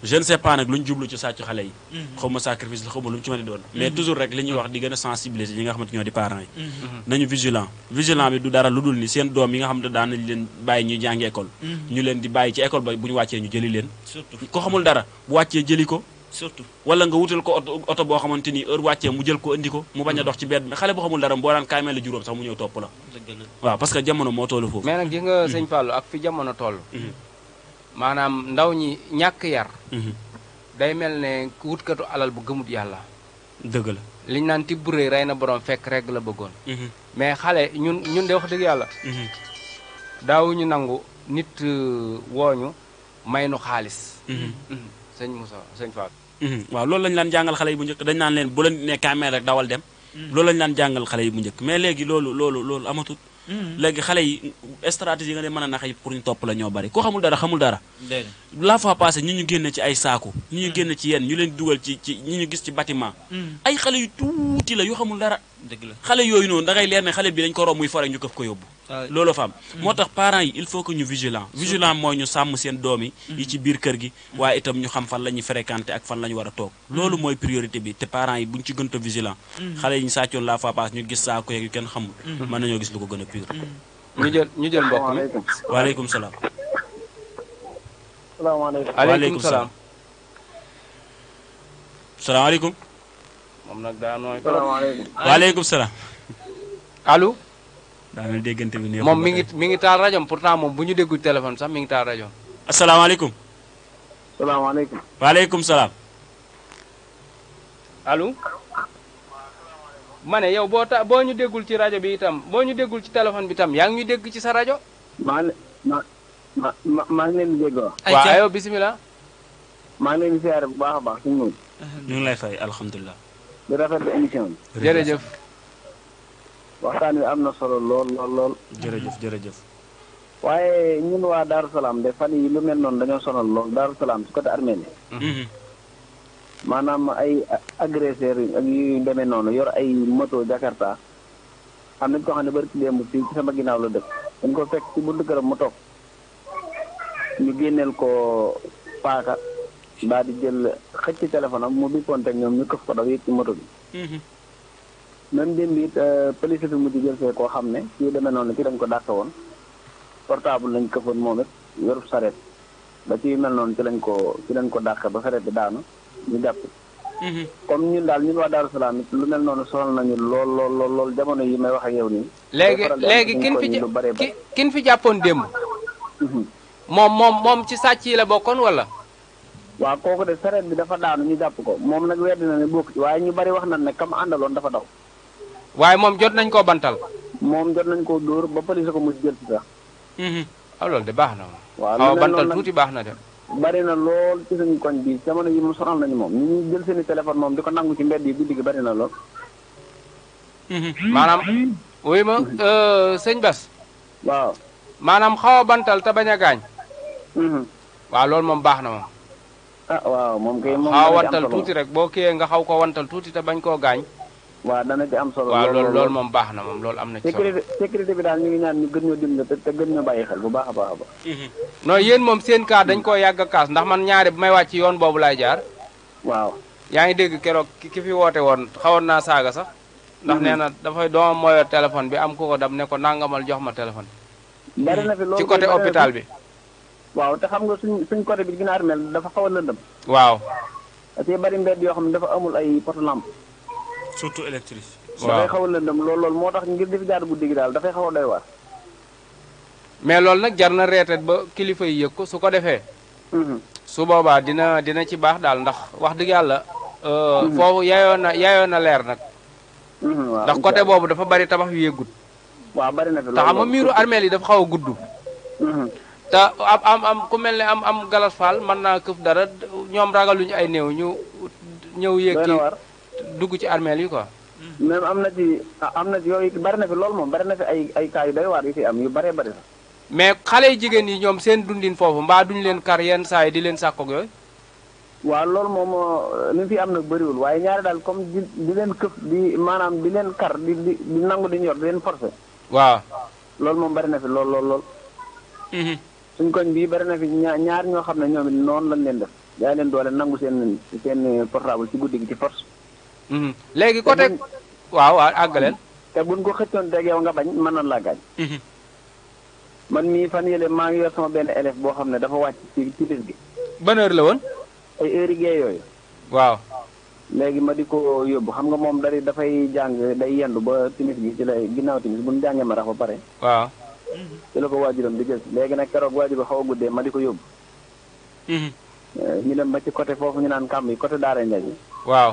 je ne sais pas nag lu ñu jublu ci sàcc xale yi mhm. xaw sacrifice la xaw lu mu ci mën doon mhm. mais toujours rek li ñuy wax di gën a sensibiliser ñi nga xamante ñoo di parents yi mhm. nañu vigilant vigilant bi du dara lu dul ni seen doom yi nga xamante daan leen bàyyi ñuy jàngi école ñu leen di bàyyi ci école bu ñu wàccee ñu jëli leen ko xamul dara bu wàccee jëli ko surtout wala nga wutal ko oto boo xamante heure wàccee mu jël ko indi ko mu bañ a dox ci maanaam ndaw ñi ñàkk yar. Mhm. day mel ne wutkatu alal bu gëmut yàlla. dëgg la liñ naan ti buree rey na borom fekk rek la bëggoon. Mhm. mais xale ñun ñun de wax dëgg yàlla. Mhm. daawuñu nangu nit euh, wooñu may nu xaalis. sëñ Moussa sëñ Fall. waaw loolu lañu daan jàngal xale yi bu njëkk dañ naan leen bu la nee caméra rek dawal dem. loolu lañu daan jàngal xale yi bu njëkk mais léegi loolu loolu loolu amatul. léegi xale yi stratégie nga leen mën pour ñu topp la ñoo bari ku xamul dara xamul dara la fois passé ñu ñu génn ci ay saaku ñu ñu génn ci yenn ñu leen dugal ci ci ñu ñu gis ci bâtiment mm. ay xale yu tuuti la yu xamul dara xale yooyu noonu da ngay leer ne xale bi dañ ko romb muy fore ñu këf ko yóbbu ah. loolu fa am mm. moo tax parents yi il faut que ñu vigilant vigilant mooy ñu sàmm seen doom yi mm. yi ci biir kër gi waaye itam ñu xam fan la ñuy fréquenté ak fan la ñu war a toog loolu mooy priorité bi te parents yi buñ ci gën a vigilant xale yi ñu sàccoon la fois gis saaku yeeg yu kenn xamul mën nañoo gis lu ko gën a pire ñu jël ñu salaamaaleykum waaleykum salaam. salaamaaleykum. moom nag daa nooy. salaamaaleykum allo. daa mel déggante moom mi ngi mi ngi taal rajo pourtant moom bu ñu déggu téléphone sax mi ngi rajo. asalaamaaleykum. salaamaaleykum. waaleykum allo. ma ne yow boo boo ñu déggul ci rajo bi itam boo ñu déggul ci téléphone bi itam yaa ngi ñu dégg ci sa rajo. ma ma maa ngi leen di jégalu. bisimilah. maa ngi leen di bu baax a baax suñu. ñu ngi lay fay alhamdulilah. jërëjëf. waxtaan wi am na solo lool lool lool. jërëjëf jërëjëf. waaye ñun waa Darou Salaam de fan noonu dañoo sonal lool Darou Salaam si mm-hmm. maanaam ay agresseurs ak yu demee noonu yor ay moto Jakarta am nañ ko xam ne bari ci démb fii ci sama ginaaw la dëkk dañ ko fekk ci buntu këram mu toog. ñu génneel ko paaka daal di jël xëcc téléphone am mu bippoon teg ñoom ñu këf ko daw yëg ci moto bi. Mhm. même démb it euh, police bi mujj koo xam ne kii demee noonu ci dañ ko dàq woon portable lañ këfoon moom it yorub sareet ba ci mel noonu ci lañ ko ci lañ ko dàq ba sareet bi daanu ñu jàpp. Mhm. comme ñun daal ñun wax Darou Salaam it lu mel noonu sonal nañu lool lool lool jamono yi may wax ak yow nii. léegi léegi kin fi kin fi jàppoon démb. Mhm. moom moom moom ci sàcc yi la bokkoon wala. waaw kooku de sareet bi dafa daanu ñu jàpp ko moom nag wedd na ne bokk waaye ñu bari wax nañ ne kam àndaloon dafa daw. waaye moom jot nañ koo bantal. moom jot nañ koo dóor ba police ko mu jël ci sax. ah de baax na waaw waaw bantal tuuti baax na de. bari na lool ci suñu koñ bi jamono yi mu sonal nañu moom ñu jël seen i moom di ko nangu ci mbedd yi guddi gi bari na lool. Mhm. maanaam. wuy ma euh, sëñ Bas. waaw. maanaam xaw a bantal te bañ a gaañ. Mhm. waaw lool moom baax na moom. ah waaw moom kay moom xaw wantal tuuti rek boo kiiyee nga xaw ko wantal tuuti te bañ koo gaañ. waaw dana ci am solo. waaw loolu loolu moom baax na moom loolu am na ci solo. sécurité bi daal ñu ngi ñaan ñu gën ñoo dimbali te gën ñoo bàyyi xel bu baax a baax a baax. Mhm. non yéen moom seen kaar dañ koo yàgg a kaas ndax man ñaari bu may wàcc yoon boobu laay jaar. waaw yaa ngi dégg keroog ki fi woote woon xawoon naa saaga sax. ndax mhm. nee na dafay doomam mooyoo téléphone bi am ku ko dam ne ko nangamal jox ma téléphone. bi. waaw te xam nga suñ suñ côté bi ginaar mel dafa xaw a lëndëm. waaw. parce que bari mbedd yoo xam ne dafa amul ay poto lamp. surtout électrique. waaw dafay xaw lëndëm lool lool moo tax ngir di fi jaar guddi gi daal dafay xaw a doy waar. mais loolu nag jar na reetet ba kilifa yi yëg ko su ko defee. Mm-hmm. su boobaa dina dina ci baax daal ndax wax dëgg yàlla. Euh, mm-hmm. foofu yaayoon na yaayoon na leer nag. Mm-hmm, ndax côté boobu dafa bari tabax yu yëggut. waa bari na fi loolu te xam nga miiru armeel yi dafa xaw a gudd. te am am am ku mel ne am am galas faal mën naa këf dara ñoom ragaluñ ay néew ñu ñëw yéeg ci dugg ci armeel yi quoi. même am na ci am na ci yooyu bari na fi lool moom bari na fi ay ay cas yu doy yu fi am yu baree bari sax. mais xale jigéen yi ñoom seen dundin foofu mbaa duñu leen kar yenn saa yi di leen sàkkoog yooyu. waaw loolu moom euh, li fi am nag bëriwul waaye ñaari daal comme di di leen këf di maanaam di leen kar di di di nangu di ñor di leen forcer. waaw. loolu moom bari na fi lool lool lool. Mhm. suñ koñ bii bari na fi ñaar ñoo xam ne ñoom noonu lañ leen def jaay leen doole nangu seen seen portable ci guddi gi ci force. Mhm. léegi ko côté. waaw waaw àggaleel. te buñ ko xëccoon teg nga bañ man na laa gaañ. Mhm. man mii fan yële maa ngi yor sama benn élève boo xam ne dafa wàcc ci ci bis gi. ban la woon. ay heure gee waaw. léegi ma di ko yóbbu xam nga moom dari dafay jàng day yendu ba timis gi ci lay ginnaaw timis bu ñu jàngee ma rax ba pare. waaw. Mm-hmm. ci la ko waajuram di jël léegi nag keroog waajur bi xaw a guddee ma di ko yóbbu. Mm-hmm. Eh, ñu dem ba ci côté foofu ñu naan kàmb yi côté Daara Ndiaye. waaw.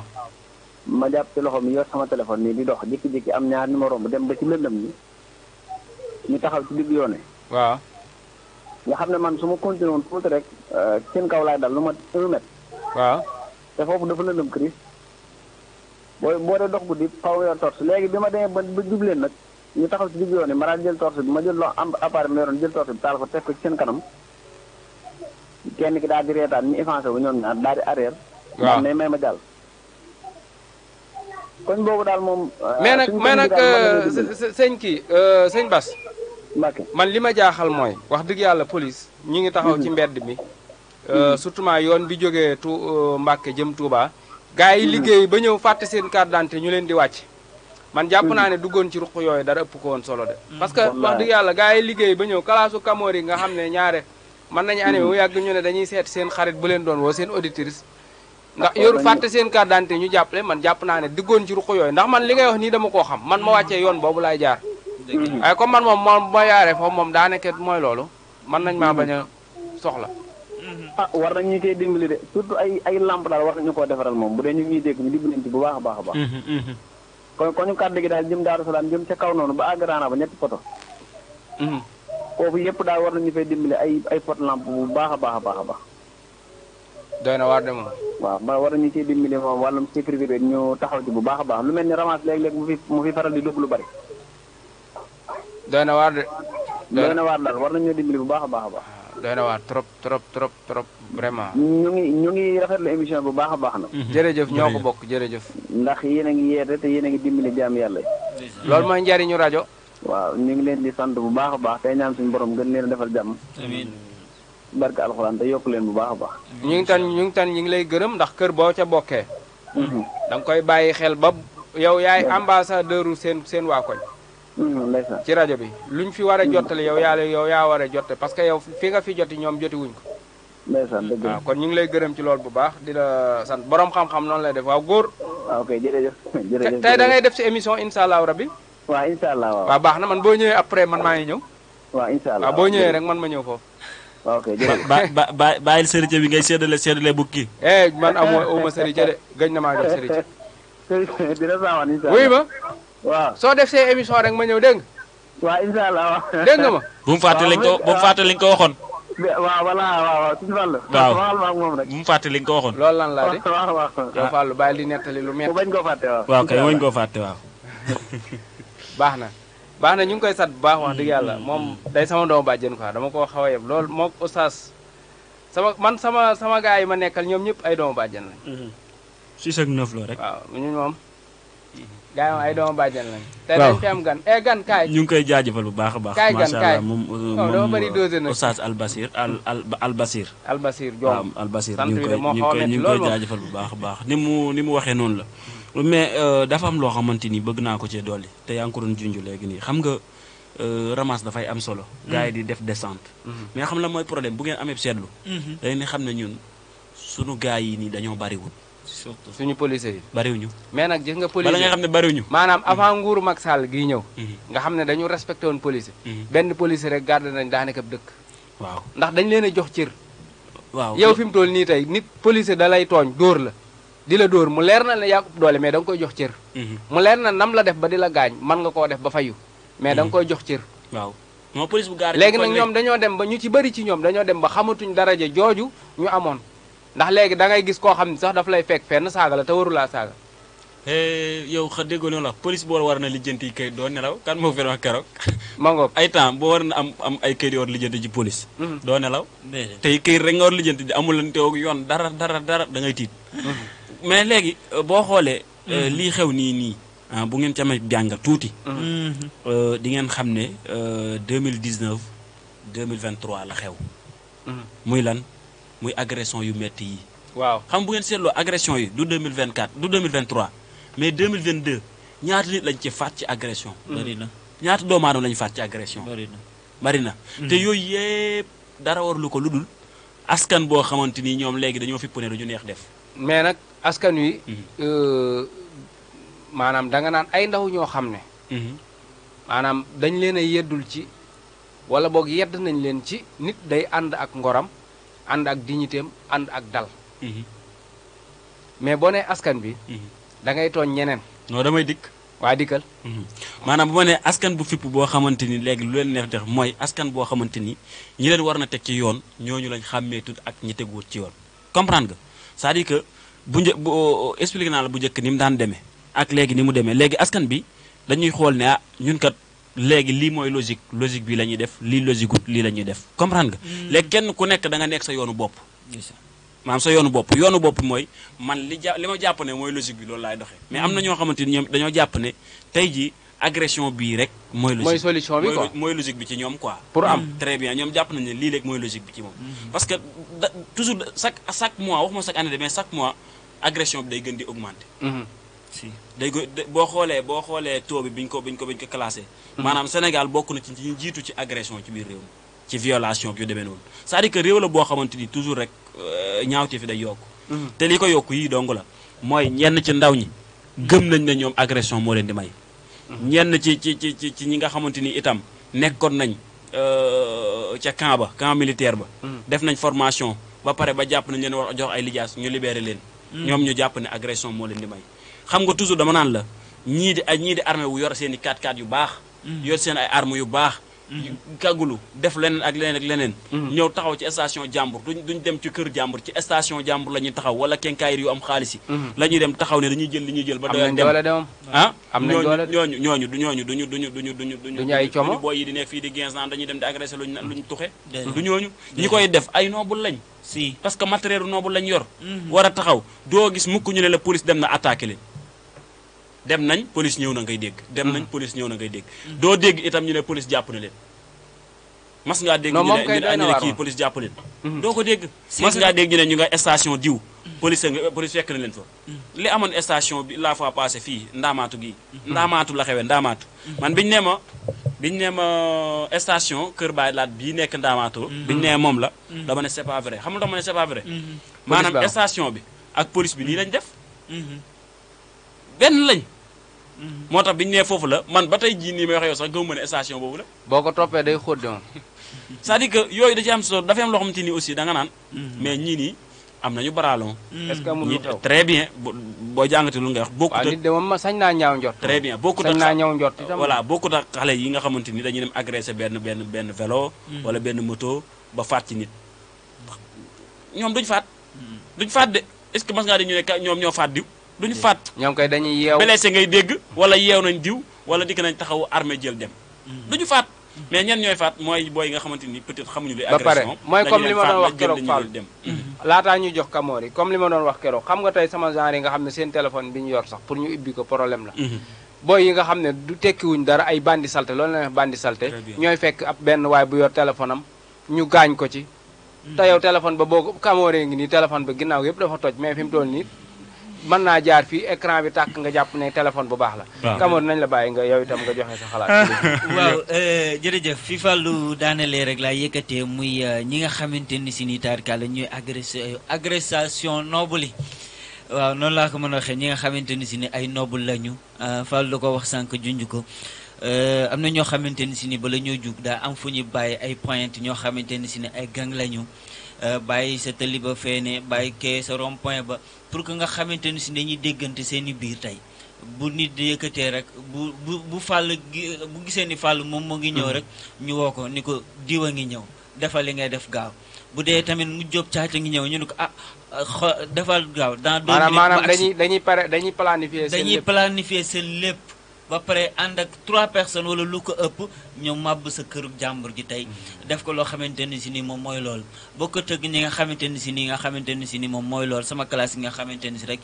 ma jàpp ci loxo mi yor sama téléphone nii di dox jékki-jékki am ñaar numéro bu dem ba ci lëndëm ñi ñu taxaw ci digg yoone waaw. nga xam ne man su ma continué woon tuuti rek eh, seen kaw laay dal lu ma un mètre. te foofu dafa lëndëm crise boo boo dee dox guddi faw yor torche léegi bi ma demee ba ba jubleen nag. ñu taxaw ci digg yoon yi ma jël torche bi ma jël loo am appareil ma yoroon jël torche bi taal ko teg ko ci seen kanam kenn ki daal di reetaan ñu avancé wu ñoom ñaar daal di arrière. waaw mais may ma jàll. koñ boobu daal moom. Euh, mais nag mais nag euh, sëñ kii euh, sëñ Bas. man li ma jaaxal mooy wax dëgg yàlla police ñi ngi taxaw ci mhm. mbedd mi. Mhm. surtout ma yoon bi jógee tu Mbàkke jëm Touba. gaa yi mhm. liggéey ba ñëw fàtte seen carte d'identité ñu leen di wàcc. man jàpp naa mm. ne duggoon ci ruq yooyu dara ëpp ko woon solo de mm. parce que wax dëgg yàlla gars yi liggéey ba ñëw kalaasu kamoor nga xam ne ñaare mën nañu animé mm. bu yàgg ñu dañuy seet seen xarit bu leen doon woo seen auditrice ndax yoru fàtte seen carte d'identité ñu jàppale man jàpp naa ne diggoon ci ruq yooyu ndax man li ngay wax nii dama koo xam man ma wàccee yoon boobu laay jaar waaye comme man moom moom ma yaaree foofu moom daanaka mooy loolu man nañ maa bañ a soxla mm-hmm. ah war nañ ñu koy dimbali de surtout ay ay lamp koo defaral moom bu dee bu baax a mm-hmm, mm-hmm. kon kon kàddu gi daal jëm Daaru Salaam jëm ca kaw noonu ba àgg raana ba ñetti poto. Mm-hmm. foofu yëpp daal war nañu fay dimbali ay ay pot lampe bu baax a baax a baax a baax. doy na waar de moom. waaw ma war nañu cee dimbali moom wàllum sécurité bi ñu taxaw ci bu baax a baax lu mel ni ramas léeg-léeg mu fi mu fi faral di dugg lu bari. doy na waar de. doy na waar daal war nañu dimbali bu baax a baax a baax. doy na trop trop trop trop vraiment. ñu ngi ñu ngi rafetlu émission bu baax a baax na. Mhm. jërëjëf ñoo ko bokk jërëjëf. ndax yéen a ngi yeete te yéen a ngi dimbali jaam yàlla yi. lool mooy njariñu rajo. waaw ñu ngi leen di sant bu baax a baax tey ñaan suñu borom gën leen defal jàmm. amiin barke alxuraan te yokk leen bu baax a baax. ñu ngi tan ñu ngi tan ñu ngi lay gërëm ndax kër boo ca bokkee. Mhm. da nga koy bàyyi xel ba yow yaay ambassadeur seen seen waa koñ Mm, ci rajo bi luñ fi war a jottali yow yaa yow yaa war a parce que yow fi nga fi joti ñoom joti wuñ ko waaw ah, kon ñu ngi lay gërëm ci loolu bu baax di la sant borom xam-xam noonu lay def waaw góor ah, ok jërëjëf jërëjëf tey da ngay def si émission insha allahu rabbi waaw insha allah baax na man boo ñëwee après man maa ngi ñëw waa insha allah boo ñëwee rek man ma ñëw foofu ah, ok jërëjëf ba ba ba bàyyil sëriñ bi ngay séddale séddale bukki eh man amoo uma sëriñ de gañ na maa jot sëriñ dina sawan ma waaw soo def see émission rek ma ñëw dégg nga. waaw incha allah waaw. ma. bu mu fàtte liñ ko bu mu ko waxoon. waaw voilà waaw waaw bu mu fàtte liñ ko waxoon. lool lan laa de. waaw waaw waaw fàllu bàyyi lu métti. bañ koo fàtte waaw. koo fàtte waaw. baax na baax na ñu ngi koy sat bu baax wax dëgg yàlla hmm. moom day sama doomu bàjjen quoi dama ko xaw a yeb loolu moog sama man sama sama gars yi ma nekkal ñoom ñëpp ay doomu bàjjen la. 6 hmm. ak 9 la rek. waaw ñun moom. gaa yi ay doomu bàjjan lañ. te eh, ñu ngi koy jaajëfal bu baax a baax. kaay gan kaay moom oh, moom Oustaz Albasir al al Albasir. Albasir Diop waaw Albasir ñu ngi koy ñu ngi koy ñu ngi koy jaajëfal bu baax a baax ni mu ni mu waxee noonu la. mais euh, dafa am loo xamante ni bëgg naa ko cee dolli te yaa ngi ko doon junj léegi nii xam nga euh, ramas dafay am solo. Mm-hmm. gars di def descente. Mm-hmm. mais xam la mooy problème bu ngeen amee seetlu. Mm-hmm. dañu ne xam ne ñun sunu gars yi nii dañoo bariwul. surtout suñu policiers yi. bariwuñu mais nag gis nga. policiers wala nga xam ne bariwuñu. maanaam avant nguuru Macky Sall gii ñëw. Mhm. nga xam ne dañu respecté woon policier. Mhm. benn policier rek garde nañ daanaka dëkk. waaw ndax dañ leen a jox cër. waaw yow fi mu toll nii tey nit policier da lay tooñ dóor la. di la dóor mu leer na la yàqu doole mais danga koy jox cër. Mhm. mu leer na nam la def ba di la gaañ mën nga koo def ba fayu. mais danga koy jox cër. waaw moo police bu gaar léegi nag ñoom dañoo dem ba ñu ci bëri ci ñoom dañoo dem ba xamatuñ daraja jooju ñu amoon ndax léegi da ngay gis koo xam ne sax daf lay fekk fenn saaga la te warulaa saaga eh, yow xa déggoo li la wax police boo war na lijjanti kayit doo nelaw kan moo fi wax keroog ay temps boo war na am am ay kayit yoo war lijjanti ci police mm-hmm. doo nelaw tey kayit rek nga war lijjanti di amul lan teewoog yoon dara dara dara da ngay tiit mm-hmm. mais léegi euh, boo xoolee euh, mm-hmm. lii xew nii nii ah, bu ngeen ci amee jàngat tuuti euh, di ngeen xam ne mille 2019 2023 la xew muy lan muy agression yu metti yi. waaw xam bu ngeen seetloo agression yi du 2024 du 2023 mais 2022 ñaata nit lañ ci faat ci agression. Mm. bari na ñaata doomu aadama lañ faat ci bari na bari mm. te yooyu yëpp dara warlu ko lu dul askan boo xamante ni ñoom léegi dañoo fi pone du ñu neex def. mais nag askan wi. Mm-hmm. Euh, maanaam danga naan ay ndaw ñoo xam ne. Mm-hmm. maanaam dañ leen a yeddul ci wala boog yedd nañ leen ci nit day ànd ak ngoram. ànd ak dignitéem ànd ak dal. Mhm. mais boo ne askan bi. Mhm. da ngay tooñ ñeneen. non damay dikk. waa dikkal. Mhm. maanaam bu ma nee askan bu fipp boo xamante ni léegi lu leen neex def mooy askan boo xamante ni ñi leen war na teg ci yoon ñooñu lañ xàmmee tut ak ñi teguwut ci yoon. comprendre nga cest à que bu një bu expliqué naa la bu njëkk ni mu daan demee ak léegi ni mu demee léegi askan bi dañuy xool ne ah ñun kat. léegi lii mooy logique logique bi la ñuy def lii logique lii la ñuy def comprendre nga. Mm. léegi kenn ku nekk da nga nekk sa yoonu bopp. maanaam sa yoonu bopp yoonu bopp mooy man li ja li ma jàpp ne mooy logique bi loolu laay doxee. mais am na ñoo xamante ni ñoom dañoo jàpp ne tey jii agression bii rek. mooy logique mooy solution bi mooy logique bi ci ñoom quoi. pour am mm. très bien ñoom jàpp nañ ne lii rek mooy logique bi ci moom. Mm-hmm. parce que da toujours chaque chaque mois waxuma chaque année mais chaque mois agression bi day gën di augmenter. Mm-hmm. si day ko boo xoolee boo xoolee taux bi bi biñ ko biñ ko biñ ko classé. Hmm. maanaam Sénégal bokk na ci ñi jiitu ci agression ci biir réew mi ci violation bi yu demee noonu cest à que réew la boo xamante ni toujours rek euh, ñaawte fi day yokk hmm. te lii ko yokk yii dong la mooy ñenn ci ndaw ñi gëm nañ na ñoom agression moo leen di may hmm. ñenn ci ci ci ci ci ñi nga xamante ni itam nekkoon nañ euh, ca camp ba camp militaire ba def nañ formation ba pare ba jàpp nañ leen war a jox ay lijaas ñu libéré leen ñoom ñu jàpp ne agression moo leen di may xam nga toujours dama naan la ñii di ay ñii di armée wu yor seen i 4 yu baax. Mm. yor seen ay armes yu baax. Mm. kàggulu def leneen ak leneen ak leneen. Mm. ñëw taxaw ci station jàmbur duñ duñ dem ci kër jàmbur ci station jàmbur la ñuy taxaw wala kenkaayir yu am xaalis yi. la ñuy dem taxaw ne dañuy jël li ñuy jël. ba doyal dem ah. am nañ doole ñooñu ñooñu ñooñu duñu duñu duñu duñu duñu. duñu ay coomo booy yi di nekk fii di 15 ans dañuy dem di agressé luñ luñ tuxe. du ñooñu ñu koy def ay noobul lañ. si parce que matériel noobul lañ yor. war a taxaw doo gis mukk ñu ne la police dem na attaqué leen dem nañ police ñëw na ngay dégg. dem nañ mm. police ñëw na ngay dégg. doo dégg itam ñu ne police jàpp na leen. mas ngaa dégg ñu ne ñu ne kii police jàpp mm-hmm. ko dégg. mas dégg ñu ñu nga station diw. Mm-hmm. police nga police fekk na leen fa. Mm-hmm. li amoon station bi la fois passé fii ndaamaatu gi ndaamaatu la xewee ndaamaatu. man biñu ne ma biñu ne ma euh, station Kër Baay Laat bii nekk ndaamaatu. biñu ne moom la. dama ne c'est pas vrai xam nga dama ne c'est pas vrai. station bi ak police bi nii lañ def. benn lañ. Mm-hmm. moo tax bi ñu ne foofu la man ba tey jii nii may wax sax gëmu ma ne station boobu la. boo ko toppee day xóot moom. c'est-à-dire yooyu da ci am solo dafa am loo xamante ni aussi nga naan. Mm-hmm. mais ñii nii am nañu baraalon. Mm-hmm. est-ce que amul lu xew boo boo lu nga wax. bokkut ak sañ naa ñaaw njort. très bien bokkut ak sañ naa ñaaw njort itam. voilà bokkut ak xale yi nga xamante ni dañuy dem agressé benn benn benn vélo. wala benn moto ba faat ci nit. ñoom duñ faat. duñ faat de est-ce que mas ngaa di ñoom ñoo faat diw du ñu fàtt ñoom koy dañuy yeew blessé ngay dégg wala yeew nañ diw wala dikk nañ taxaw armée jël dem mm-hmm. ñu faat mais ñenn ñooy faat mooy booy nga xamante ni peut-être xamuñu li agression ba pare mooy comme li ma mm-hmm. Mm-hmm. laataa ñu jox kamoor comme li ma doon wax keroog xam nga tey sama genre yi nga xam ne seen téléphone bi ñu yor sax pour ñu ibbi ko problème la booy yi nga xam ne du tekkiwuñ dara ay bandi salte loolu la bandi salté ñooy fekk ab benn waaye bu yor téléphone am ñu gaañ ko ci te yow téléphone ba boo kamooree ngi nii téléphone ba ginnaaw yëpp dafa toj mais fi mu toll nii man naa jaar fi écran bi tàkk nga jàpp ne téléphone bu baax la. kamoon nañ la bàyyi nga yow itam nga joxe sa xalaat. waaw euh, jërëjëf fi Fallou daanelee rek laa yëkkatee muy euh, ñi nga xamante ni si nii taarikaal la ñuy agressé agressation noble yi noonu laa ko mën a waxee ñi nga xamante ni si ni ay noble lañu euh, Fallou da ko wax sànq junj ko. am na ñoo xamante ni si ni bala ñoo jug daal am fu ñu bàyyi ay pointe ñoo xamante ni si ni ay gang lañu bàyyi sa tali ba feene bàyyi kee sa rond ba pour que nga xamante ni si ñuy déggante seeni biir tey bu nit di yëkkatee rek bu bu bu fàll gi bu gisee ni fàll moom mu ngi ñëw mhm. rek ñu woo ko ni ko a ngi ñëw defal li ngay def gaaw bu dee mhm. tamit mu jóob caaca ngi ñëw ñu ne ko ah defal gaaw dans deux minutes maanaam dañuy dañuy pare dañuy planifier seen lépp seen lépp ba pare ànd ak trois personnes wala lu ko ëpp ñoo màbb sa këru jàmbur gi tey def ko loo xamante ni si nii moom mooy lool boo ko tëgg ñi nga xamante ni si nii nga xamante ni si nii moom mooy lool sama classe yi nga xamante ni si rek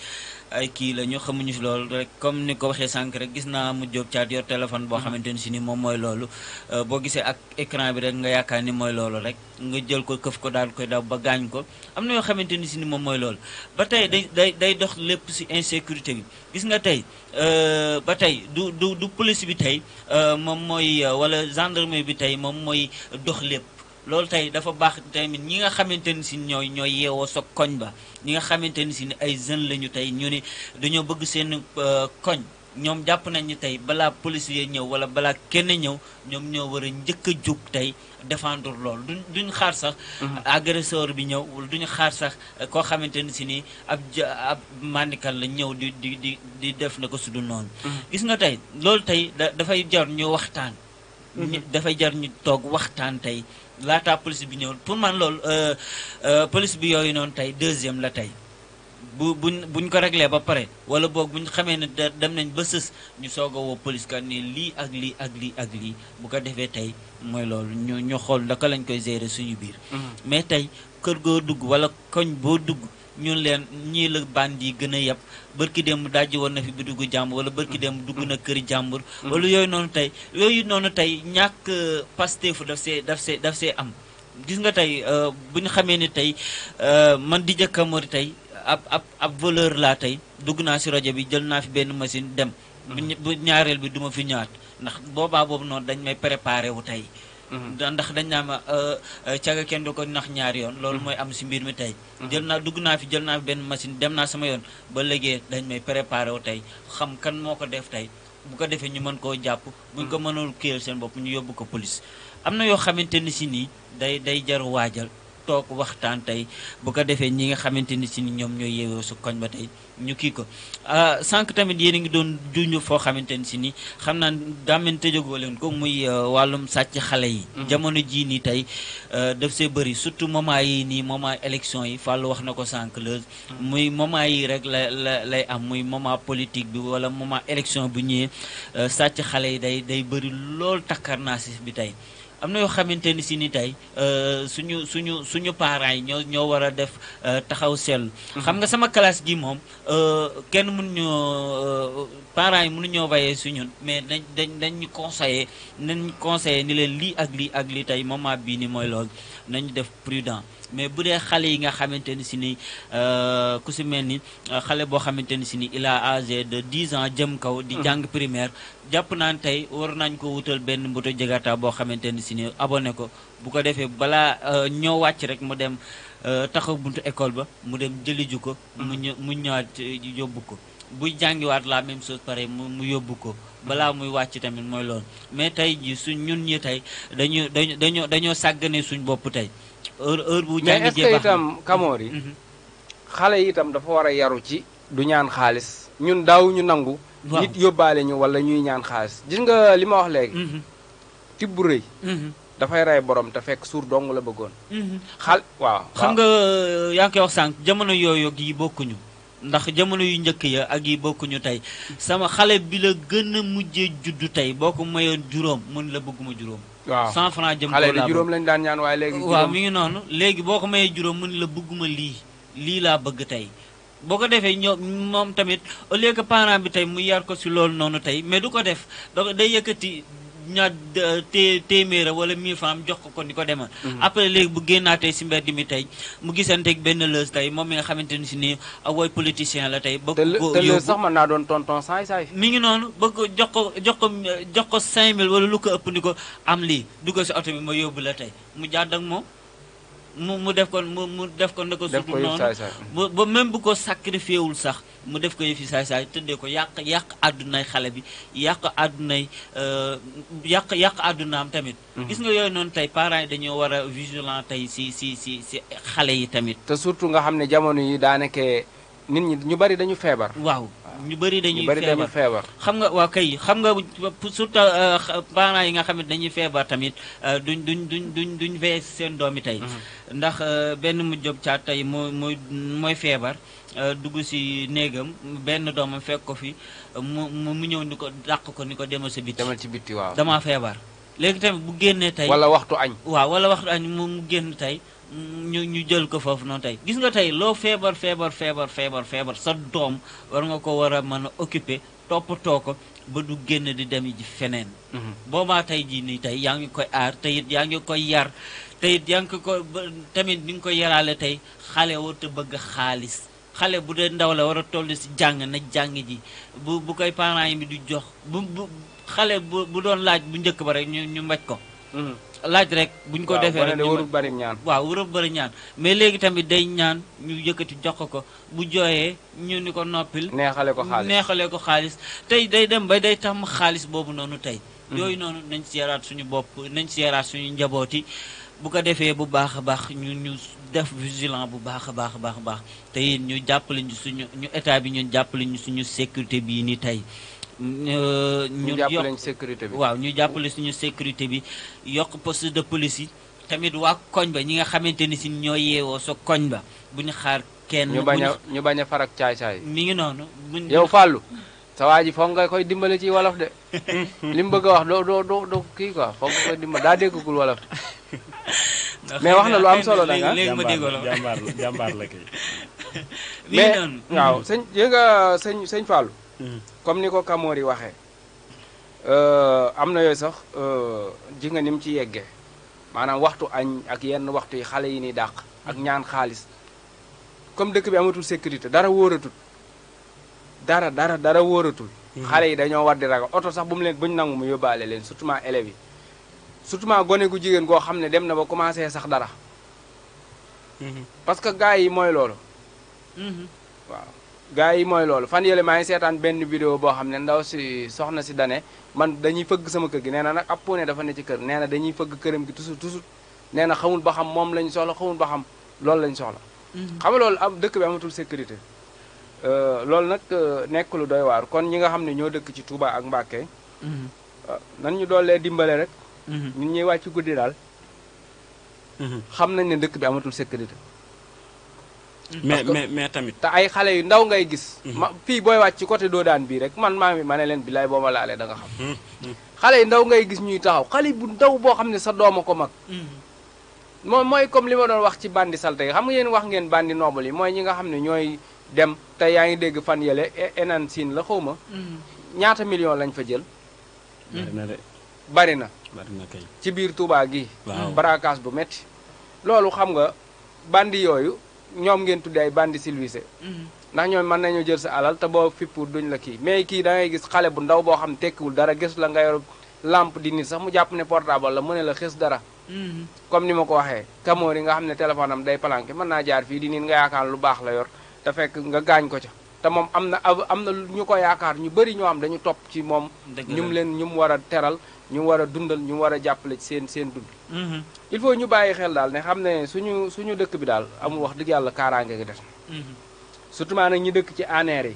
ay kii la ñu xamuñu si loolu rek comme ni ko waxee sànq rek gis naa mu jóg caat yor téléphone boo mm-hmm. xamante ni si ni moom mooy loolu euh, boo gisee ak écran bi rek nga yaakaar ni mooy loolu rek nga jël ko këf ko daal koy daw ba gaañ ko am na yoo xamante ni si ni moom mooy loolu ba tey day day day dox lépp si insécurité bi gis nga tey euh, ba tey du du du police bi tey euh, moom mooy wala gendarmerie bi tey moom mooy dox lépp loolu tey dafa baax tamit ñi nga xamante ni si ñooy ñooy yeewoo sa koñ ba ñi nga xamante ni si ay jeunes lañu tey ñu ni dañoo bëgg seen euh, koñ ñoom jàpp nañ ñu tey balaa policier ñëw wala balaa kenn ñëw ñoom ñoo war a njëkk a jug tey défendre lool duñu xaar sax mhm. agresseur bi ñëw duñu xaar sax koo xamante ni si nii ab ab mandikal la ñëw di di di di def na ko su dul noonu mhm. gis nga tey loolu tey dafay jar ñu waxtaan mhm. dafay jar ñu toog waxtaan tey laataa police bi ñëw pour man loolu euh, euh, police bi yooyu noonu tey deuxième la tey bu buñ buñ ko reglee ba pare wala boog buñ xamee ne dem nañ ba sës ñu soog a woo police ka nii lii ak lii ak lii ak lii bu ko defee tey mooy loolu ñu ñu xool naka lañ koy gérer suñu biir mm-hmm. mais tey kër goo dugg wala koñ boo dugg ñun leen ñii la bandi gën a yeb bërki dem dajji woon na fi bi dugg jàmbur wala bërki démb dugg na kër jàmbur wala yooyu noonu tey yooyu noonu tey ñàkk euh, Pastef daf see daf see daf see am gis nga tey euh, bu ñu xamee ni tey euh, man di jëkkamari tey ab ab ab voleur laa tey dugg naa si rajo bi jël naa fi benn machine dem bu ñaareel bi duma fi ñëwaat ndax boobaa boobu noonu dañ may préparé wu tey ndax dañ naa ma euh, euh, caga kenn du ko nax ñaari yoon loolu mm-hmm. mooy am si mbir mi tey mm-hmm. jël naa dugg naa fi jël naa fi benn machine dem naa sama yoon ba léegi dañ may préparé wu tey xam kan moo ko def tey bu ko defee ñu mën koo jàpp buñ ko mm-hmm. mënul kiyal seen bopp ñu yóbbu ko police am na yoo xamante ni si nii day day jar waajal toog waxtaan tey bu ko defee ñi nga xamante ni si ñoom ñooy yeewoo su koñ ba tey ñu kii ko ah, sànq tamit yéen a ngi doon junj foo xamante ni si ni xam naa daamen tëjagoo leen ko muy ah, wàllum sàcc xale yi mm-hmm. jamono jii nii tey ah, def see bëri surtout moment yi nii moment élection yi Fallou wax na ko sànq la mm-hmm. muy moment yi rek la la lay am muy moment politique bi wala moment élection bi ñëwee sàcc xale yi day day bëri lool takkar naa si bi tey am na yoo xamante ni si ni tey euh, suñu suñu suñu parents yi ñoo ñoo war a def euh, taxaw seetlu. Mhm. xam nga sama classe gi moom euh, kenn mënuñu parents yi mënuñoo veiller si ñun mais dañ dañ dañ ñu nañ conseiller ni leen lii ak lii ak lii tey moment bii ni mooy loolu nañu def prudent. mais bu dee xale yi nga xamante ni si ni euh, ku si mel ni euh, xale boo xamante ni si ni il a de dix ans jëm kaw. di mm-hmm. jàng primaire jàpp naan tey war nañ ko wutal benn mbuto jegata boo xamante ni si ni abonné ko bu ko defee balaa euh, ñoo wàcc rek mu dem taxa buntu école ba mu dem jëliju ko. Mm-hmm. mu ñë mu ñëwaat yóbbu ko. buy jàngiwaat la même chose pare mu mu yóbbu ko balaa muy wàcc tamit mooy loolu mais tey ji suñ ñun ñi tey dañu dañu dañoo dañoo sàggane suñ bopp tey heure heure bu jàngi mais itam kamoor yi mm-hmm. xale yi itam dafa war a yaru ci du ñaan xaalis ñun daaw ñu nangu nit yóbbaale ñu wala ñuy ñaan xaalis gis nga li ma wax léegi mm-hmm. tibb rëy mm-hmm. dafay rey borom te fekk suur dong la bëggoon. xal waaw. xam nga euh, yaa ngi wax sànq jamono yooyu ak yi bokkuñu ndax jamono yu njëkk ya ak yi bokkuñu tey sama xale bi la gën a mujjee juddu tey boo ko mayoon juróom mën la bëgguma juróom. waaw cent franc jëm. xale yi juróom lañ daan ñaan waaye léegi. waaw mu ngi noonu léegi boo ko mayee juróom mu ne la bëgguma lii lii laa bëgg tey. boo ko defee ñoom moom tamit au lieu que parent bi tey mu yar ko si loolu noonu tey mais du ko def donc day yëkkati. ñaar té téeméera wala mille francs jox ko ko ni ko demal mhm. après léegi bu tey si mbedd mi tey mu gisanteeg benn lëus tey moom mi nga xamante ni si nii woy politicien la tey ba te sax mën naa doon tonton saay saay mi ngi noonu bëgg ko jox ko jox ko ko cinq mille wala lu ko ëpp ni ko am lii duggal si oto bi ma yóbbu la tey mu jàdd ak moom mu mu def kon mu def ko ne ko sutu noonu ba même bu ko sacrifié wul sax mu def ko yëfi saay-saay tëddee ko yàq yàq àddunay xale bi yàq adduna àddunay euh, yàq yàq adduna am tamit mhm. gis nga yooyu noonu tey parents yi dañoo war a vigilant tey si si si si xale yi tamit te surtout nga xam ne jamono yi daanaka nit ñi ñu bari dañu feebar. waaw ñu bari dañuy feebar xam nga waaw kay xam nga surtout euh, parents yi nga xam ne dañuy feebar tamit euh, duñ duñ duñ duñ duñ veillé seen doomi tey. Mhm. ndax euh, benn mu job caat tey moo mooy mooy feebar. dugg si néegam benn doomam fekk ko fi mu mu ñëw ni ko dàq ko ni ko demal si biti. demal ci biti waaw damaa feebar. léegi tamit bu génnee tey. wala waxtu añ. waaw wala waxtu añ mu génn tey. ñu ñu jël ko foofu noonu tey gis nga tey loo feebar feebar feebar feebar feebar sa doom war nga ko war a mën a occuper toppatoo ko ba du génn di dem ji feneen. Mhm. boobaa tey jii nii tey yaa ngi koy aar te yaa ngi koy yar te it yaa ngi ko tamit ni nga koy yaraale tey xale warut a bëgg xaalis xale bu dee ndaw la war a toll si jàng na jàng ji bu bu koy parents yi mi du jox bu bu xale bu doon laaj bu njëkk ba rek ñu ñu mbaj ko. Mhm. laaj rek buñ ko defee warul bëri ñaan waaw warul bëri ñaan mais léegi tamit day ñaan ñu yëkkati jox ko bu jooyee ñu ni ko noppil neexale ko xaalis ko xaalis tey day dem ba day tam xaalis boobu noonu tey hmm. yooyu noonu nañ ci suñu bopp nañ ci yaraat njaboot yi bu ko defee bu baax a baax ñu ñu def vigilant bu baax a baax a baax a baax te ñu jàppale ñu suñu ñu état bi ñun jàppale ñu suñu sécurité bii ni tey ñu jàppale sécurité bi waaw ñu jàppale suñu sécurité bi yokk poste de police yi tamit waa koñ ba ñi nga xamante ni si ñoo yeewoo sa koñ ba bu ñu xaar kenn. ñu bañ a ñu bañ farak caay-caay. mi ngi noonu. yow Fallou. sa waa ji foog nga koy dimbale ci wolof de. li mu bëgg a wax doo doo doo doo kii quoi foog nga koy dimbale daa déggagul wolof. mais wax na lu am solo da nga léegi la jàmbaar la jàmbaar la kay. mi noonu waaw sëñ yéen comme ni ko Kamori waxee euh, am na yooyu sax euh, ji nga ni mu ci yeggee maanaam waxtu añ ak yenn waxtu yi xale yi ni dàq ak mm-hmm. ñaan xaalis comme dëkk bi amatul sécurité dara wóoratul dara dara dara wóoratul mm-hmm. xale yi dañoo war di oto sax bu mu leen bu ñu nangu mu yóbbaale leen surtout ment élèves yi surtout gone gu jigéen goo xam ne dem na ba commencé sax dara mm-hmm. parce que yi moy loolu gars yi mooy loolu fan yële maa ngi seetaan benn vidéo boo xam ne ndaw si soxna si dane man dañuy fëgg sama kër gi nee na nag ab puune dafa ne ci kër nee na dañuy fëgg këram gi toujours toujours nee na xamul ba xam moom lañu soxla xamul ba xam loolu lañ soxla mhm. xam nga loolu am dëkk bi amatul sécurité euh, loolu nag euh, nekk lu doy waar kon ñi nga xam ne ñoo dëkk ci Touba ak Mbacké mhm. euh, nan ñu doolee dimbale rek mhm. ñun ñuy wàcc guddi daal xam nañ ne dëkk bi amatul sécurité mais mais mais tamit. ay xale yu ndaw ngay gis. Mhm. ma fii booy wàcc ci côté doodaan bii rek man maa ngi ma ne leen billaay boo ma laalee da xam. Mhm. Mhm. xale yu ndaw ngay gis ñuy taxaw xale bu ndaw boo xam ne sa dooma ko mag. moom mooy comme li ma doon wax ci bandi salte yi xam nga yéen wax ngeen bandi noble yi mooy ñi nga xam ne ñooy dem tey yaa ngi dégg fan yële e, enan siin la xaw ma. ñaata million lañ fa jël. bari na ci biir Touba gi. waaw bu metti loolu xam nga bandi yooyu. ñoom ngeen tuddee ay bandi silvisé mm-hmm. ndax ñoom mën nañoo jël sa alal te boo fippu duñ la kii mais kii da ngay gis xale bu ndaw boo xam tekkiwul dara gis la nga yor lampe di nit sax mu jàpp ne portable la mu la xës dara mm-hmm. comme ni ma ko waxee kamoor yi nga xam ne téléphone am day palanqué mën naa jaar fii di nit nga yaakaar lu baax la yor te fekk nga gaañ ko ca te moom am na am na ñu ko yaakaar ñu bari ñoo xam dañu topp ci moom ñu mu leen ñu mu war a teral ñu war a dundal ñu war a jàppale seen seen dund. Mm-hmm. il faut ñu bàyyi xel daal ne xam ne suñu suñu dëkk bi daal amul wax dëgg yàlla kaaraange gi des na. Mm-hmm. surtout nag ñi dëkk ci aneer yi.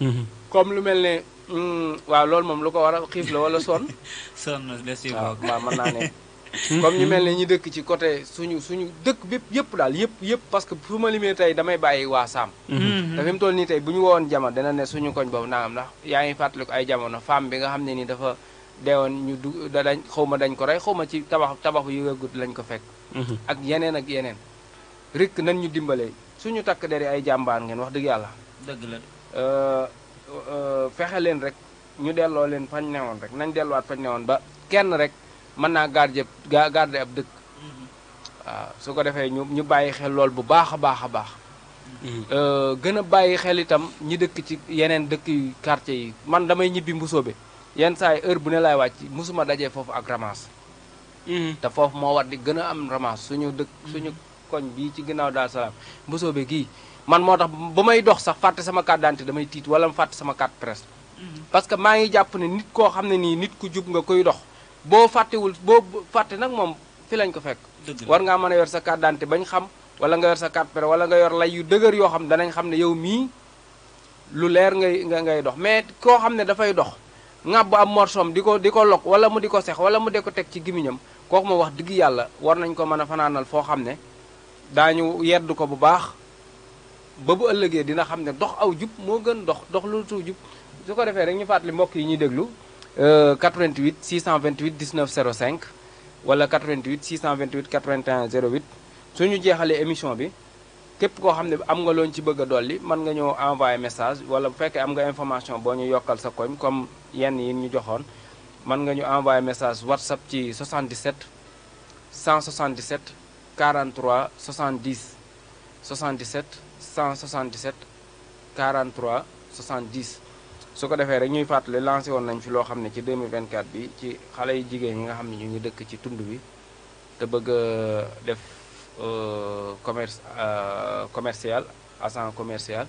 Mm-hmm. comme lu mel ne mm, waaw loolu moom lu ko war a xiif la wala sonn. sonn des waaw mën naa ne. comme ñu mel ne ñu dëkk ci côté suñu suñu dëkk bépp yëpp daal yëpp yëpp parce que su ma limee tey damay bàyyi waa saam dafa mhm. mu toll nii tey bu ñu wowoon jamono dana ne suñu koñ boobu naa ndax yaa ngi fàttaliku ay jamono femme bi nga xam ne ni dafa deewoon ñu du dañ xaw ma dañ ko rey xaw ma ci tabax tabaxu yëgagut lañ ko fekk mhm. ak yeneen ak yeneen rikk nan ñu dimbale suñu takk deri ay jàmbaar ngeen wax dëgg yàlla dëgg la euh, euh, fexe leen rek ñu delloo leen ne woon rek nañ delluwaat fañ newoon ba kenn rek mën naa garder garder ab dëkk mm-hmm. waaw su ko defee ñu ñu bàyyi xel lool bu baax a baax a baax mm-hmm. euh, gën a bàyyi xel itam ñi dëkk ci yeneen dëkk yu quartier yi man damay ñibbi mbusoobe yenn saa yi heure bu ne laay wàcc mosuma dajee foofu ak ramas mm-hmm. te foofu moo war di gën a am ramas suñu dëkk suñu koñ bii ci ginnaaw daal salaam mbusoobe gii man moo tax ba may dox sax fàtte sama carte d'identité damay tiit wala mu fàtte sama carte presse parce que maa ngi jàpp ne nit koo xam ne nii nit ku jub nga koy dox boo fàttewul boo fàtte nag moom fi lañ ko fekk war ngaa mën a yor sa carte d'identité bañ xam wala nga yor sa carte pere wala nga yor lay yu dëgër yoo xam danañ xam ne yow mii lu leer ngay nga ngay dox mais koo xam ne dafay dox ŋàbb ab morsom di ko di ko lok wala mu di ko seex wala mu de ko teg ci gimiñam kooku moom wax dëgg yàlla war nañ ko mën a fanaanal foo xam ne daañu yedd ko bu baax ba bu ëllëgee dina xam ne dox aw jub moo gën dox dox lu tu jub su ko defee rek ñu fàttali mbokk yi ñuy déglu 88 628 19 05 wala 88 628 81 08 suñu jeexalee émission bi képp koo xam ne am nga loon ci bëgg a dolli mën nga ñëw envoyé message wala bu fekkee am nga information boo ñu yokkal sa koñ comme yenn yi ñu joxoon mën nga ñu envoyé message whatsapp ci 77 177 43 70 77 177 43 70 su ko defee rek ñuy fàttali lancé woon nañ fi loo xam ne ci 2024 bi ci xale yu jigéen ñi nga xam ne ñu ngi dëkk ci tund bi te bëgg a euh, def euh, commerce euh, commercial agent commercial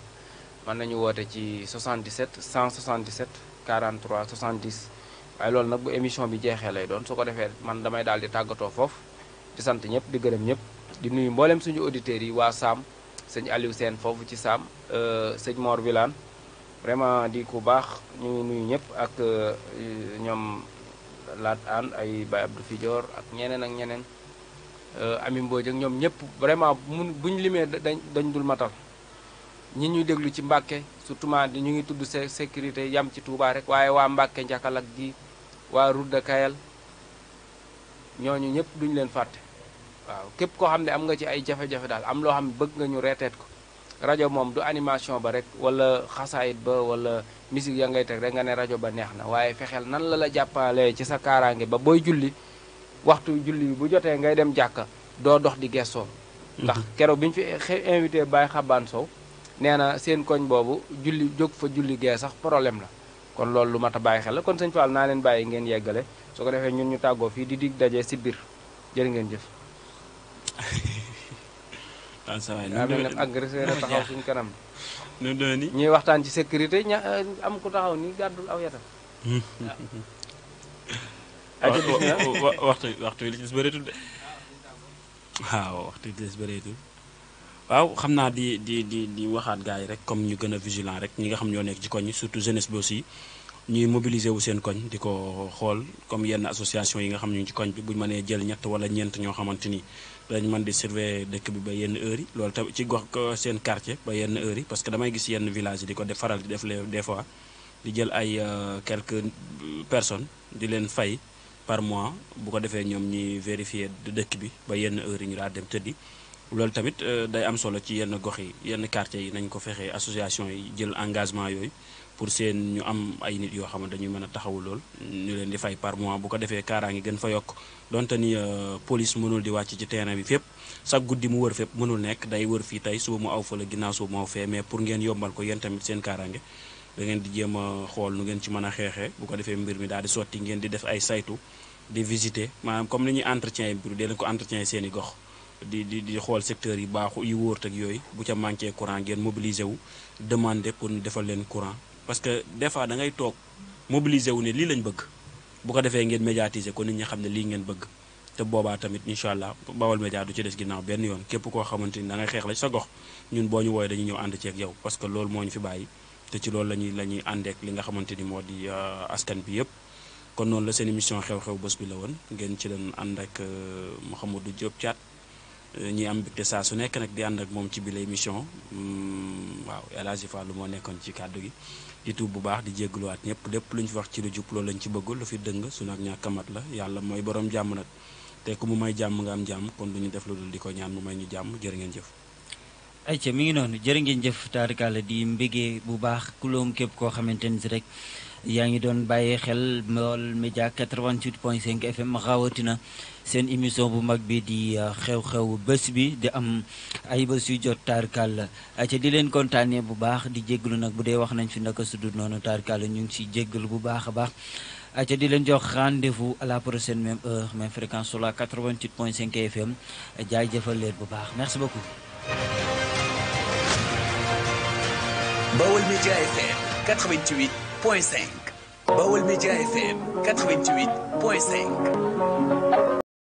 mën nañu woote ci 77 177 43 70 waaye loolu nag bu émission bi jeexee lay doon su ko defee man damay daal di tàggatoo foofu di sant ñëpp di gërëm ñëpp di nuyu mboolem suñu auditeurs yi waa Saam sëñ Aliou Sène foofu ci Saam sëñ Mor Wilane vraiment di ku baax ñu ngi nuyu ñëpp ak euh, ñoom laat aan ay Baye du fijoor ak ñeneen ak ñeneen euh, Ami Mbodj ak ñoom ñëpp vraiment mun bu ñu limee dañ dañ dul matal ñi ñuy déglu ci Mbàkke surtout ma di ñu ngi tudd sécurité yam ci Touba rek waaye waa Mbàkke njakalak gi waa route de ñooñu ñëpp duñ leen fàtte waaw képp koo xam ne am nga ci ay jafe-jafe daal am loo xam ne bëgg nga ñu reeteet ko rajo moom du animation ba rek wala xasaayit ba wala musique ya ngay teg rek nga ne rajo ba neex na waaye fexeel nan la la jàppalee ci sa kaaraange ba booy julli waxtu julli bu jotee ngay dem jàkka doo dox di gestoo mhm. ndax keroog bi ñu fi invité Baye Xabaan soow nee na seen koñ boobu julli jóg fa julli gee sax problème la kon loolu lu mat a bàyyi xel la kon sëñ Fall naa leen bàyyi ngeen yeggale su ko defee ñun ñu tàggoo fii di dig dajee si biir jërë ngeen waaw saa na taxaw suñ nu mu ni ñuy waxtaan ci sécurité ña am ku taxaw ni gàddul aw yatam. waxtu waxtu li ci des bëreetul de waaw waxtu li ci xam naa di di di di waxaat gars yi rek comme ñu gën a vigilant rek ñi nga xam ñoo nekk ci koñ surtout jeunesse bi aussi ñuy mobiliser wu seen koñ di ko xool comme yenn association yi nga xam ñu ngi ci koñ bi bu ñu mënee jël ñett wala ñeent ñoo xamante ni. dañ man di surveiller dëkk bi ba yenn heures yi loolu tamit ci gox seen quartier ba yenn heures yi parce que damay gis yenn village yi di ko def faral di def lee des fois di jël ay euh, quelque euh, personnes di leen fay par mois bu ko defee ñoom ñi vérifier dëkk bi ba yenn heures yi ñu daal dem tëddi loolu tamit euh, day am solo ci yenn gox yi yenn quartier yi nañ ko fexee association yi jël engagement yooyu pour seen ñu am ay nit yoo xam ne dañuy mën a taxawu lool ñu leen di fay par mois bu ko defee kaaraange gën fa yokk donte ni euh, police mënul di wàcc ci terrain bi fépp chaque guddi mu wër fépp mënul nekk day wër fii tey suba mu aw fële ginnaaw suba mu aw fee mais pour ngeen yombal ko yéen tamit seen kaaraange da ngeen di jéem a xool nu ngeen ci mën a xeexee bu ko defee mbir mi daal di sotti ngeen di def ay saytu di visiter maanaam comme ni ñuy entretien yi mbir dee ko entretien seen gox di di di xool secteur yi baaxu yu wóor ak yooyu bu ca manqué courant ngeen mobiliser wu demander pour defal leen courant parce que des fois da ngay toog mobiliser wu ne lii lañ bëgg bu ko defee ngeen médiatiser kon nit ñi xam ne lii ngeen bëgg te boobaa tamit incha allah Baol Média du ci des ginnaaw benn yoon képp koo xamante ni da xeex la sa gox ñun boo ñu wooyee dañuy ñëw ànd ceeg yow parce que loolu moo fi bàyyi te ci loolu la la ñuy àndeek li nga xamante ni moo di euh, askan bi yëpp kon noonu la seen mission xew-xew bés bi la woon ngeen ci doon ànd ak euh, Mouhamadou Diop Thiat euh, ñuy am mbégte su nekk nag di ak moom ci bi la émission hmm, waaw El a lu moo nekkoon ci kàddu gi di tuub bu baax di jéggluwaat ñëpp lépp lu ñu fi wax ci lu jub loolu lañ lu fi dëng suñu ak ñàkkamat la yàlla mooy boroom jàmm nag te ku mu may jàmm nga am jàmm kon lu ñu def lu dul di ko ñaan mu may ñu jàmm jërë ngeen jëf ayca mi ngi noonu jërë ngeen jëf taarikaala di mbégee bu baax ku kulóom képp koo xamante ni rek yaa ngi doon bàyyee xel Baol Média 88 point 5 FM rawatina seen émission bu mag bi di euh, xew-xew bés bi di am ay bés yu jot taarkal ca di leen kontaanee bu baax di jégalu nag bu dee wax nañ fi naka sudul noonu taarkal ñu ngi si jégalu bu baax a baax ca di leen jox rendez-vous à la prochaine même heure même fréquence sur FM jaay jëfal leen bu baax merci beaucoup.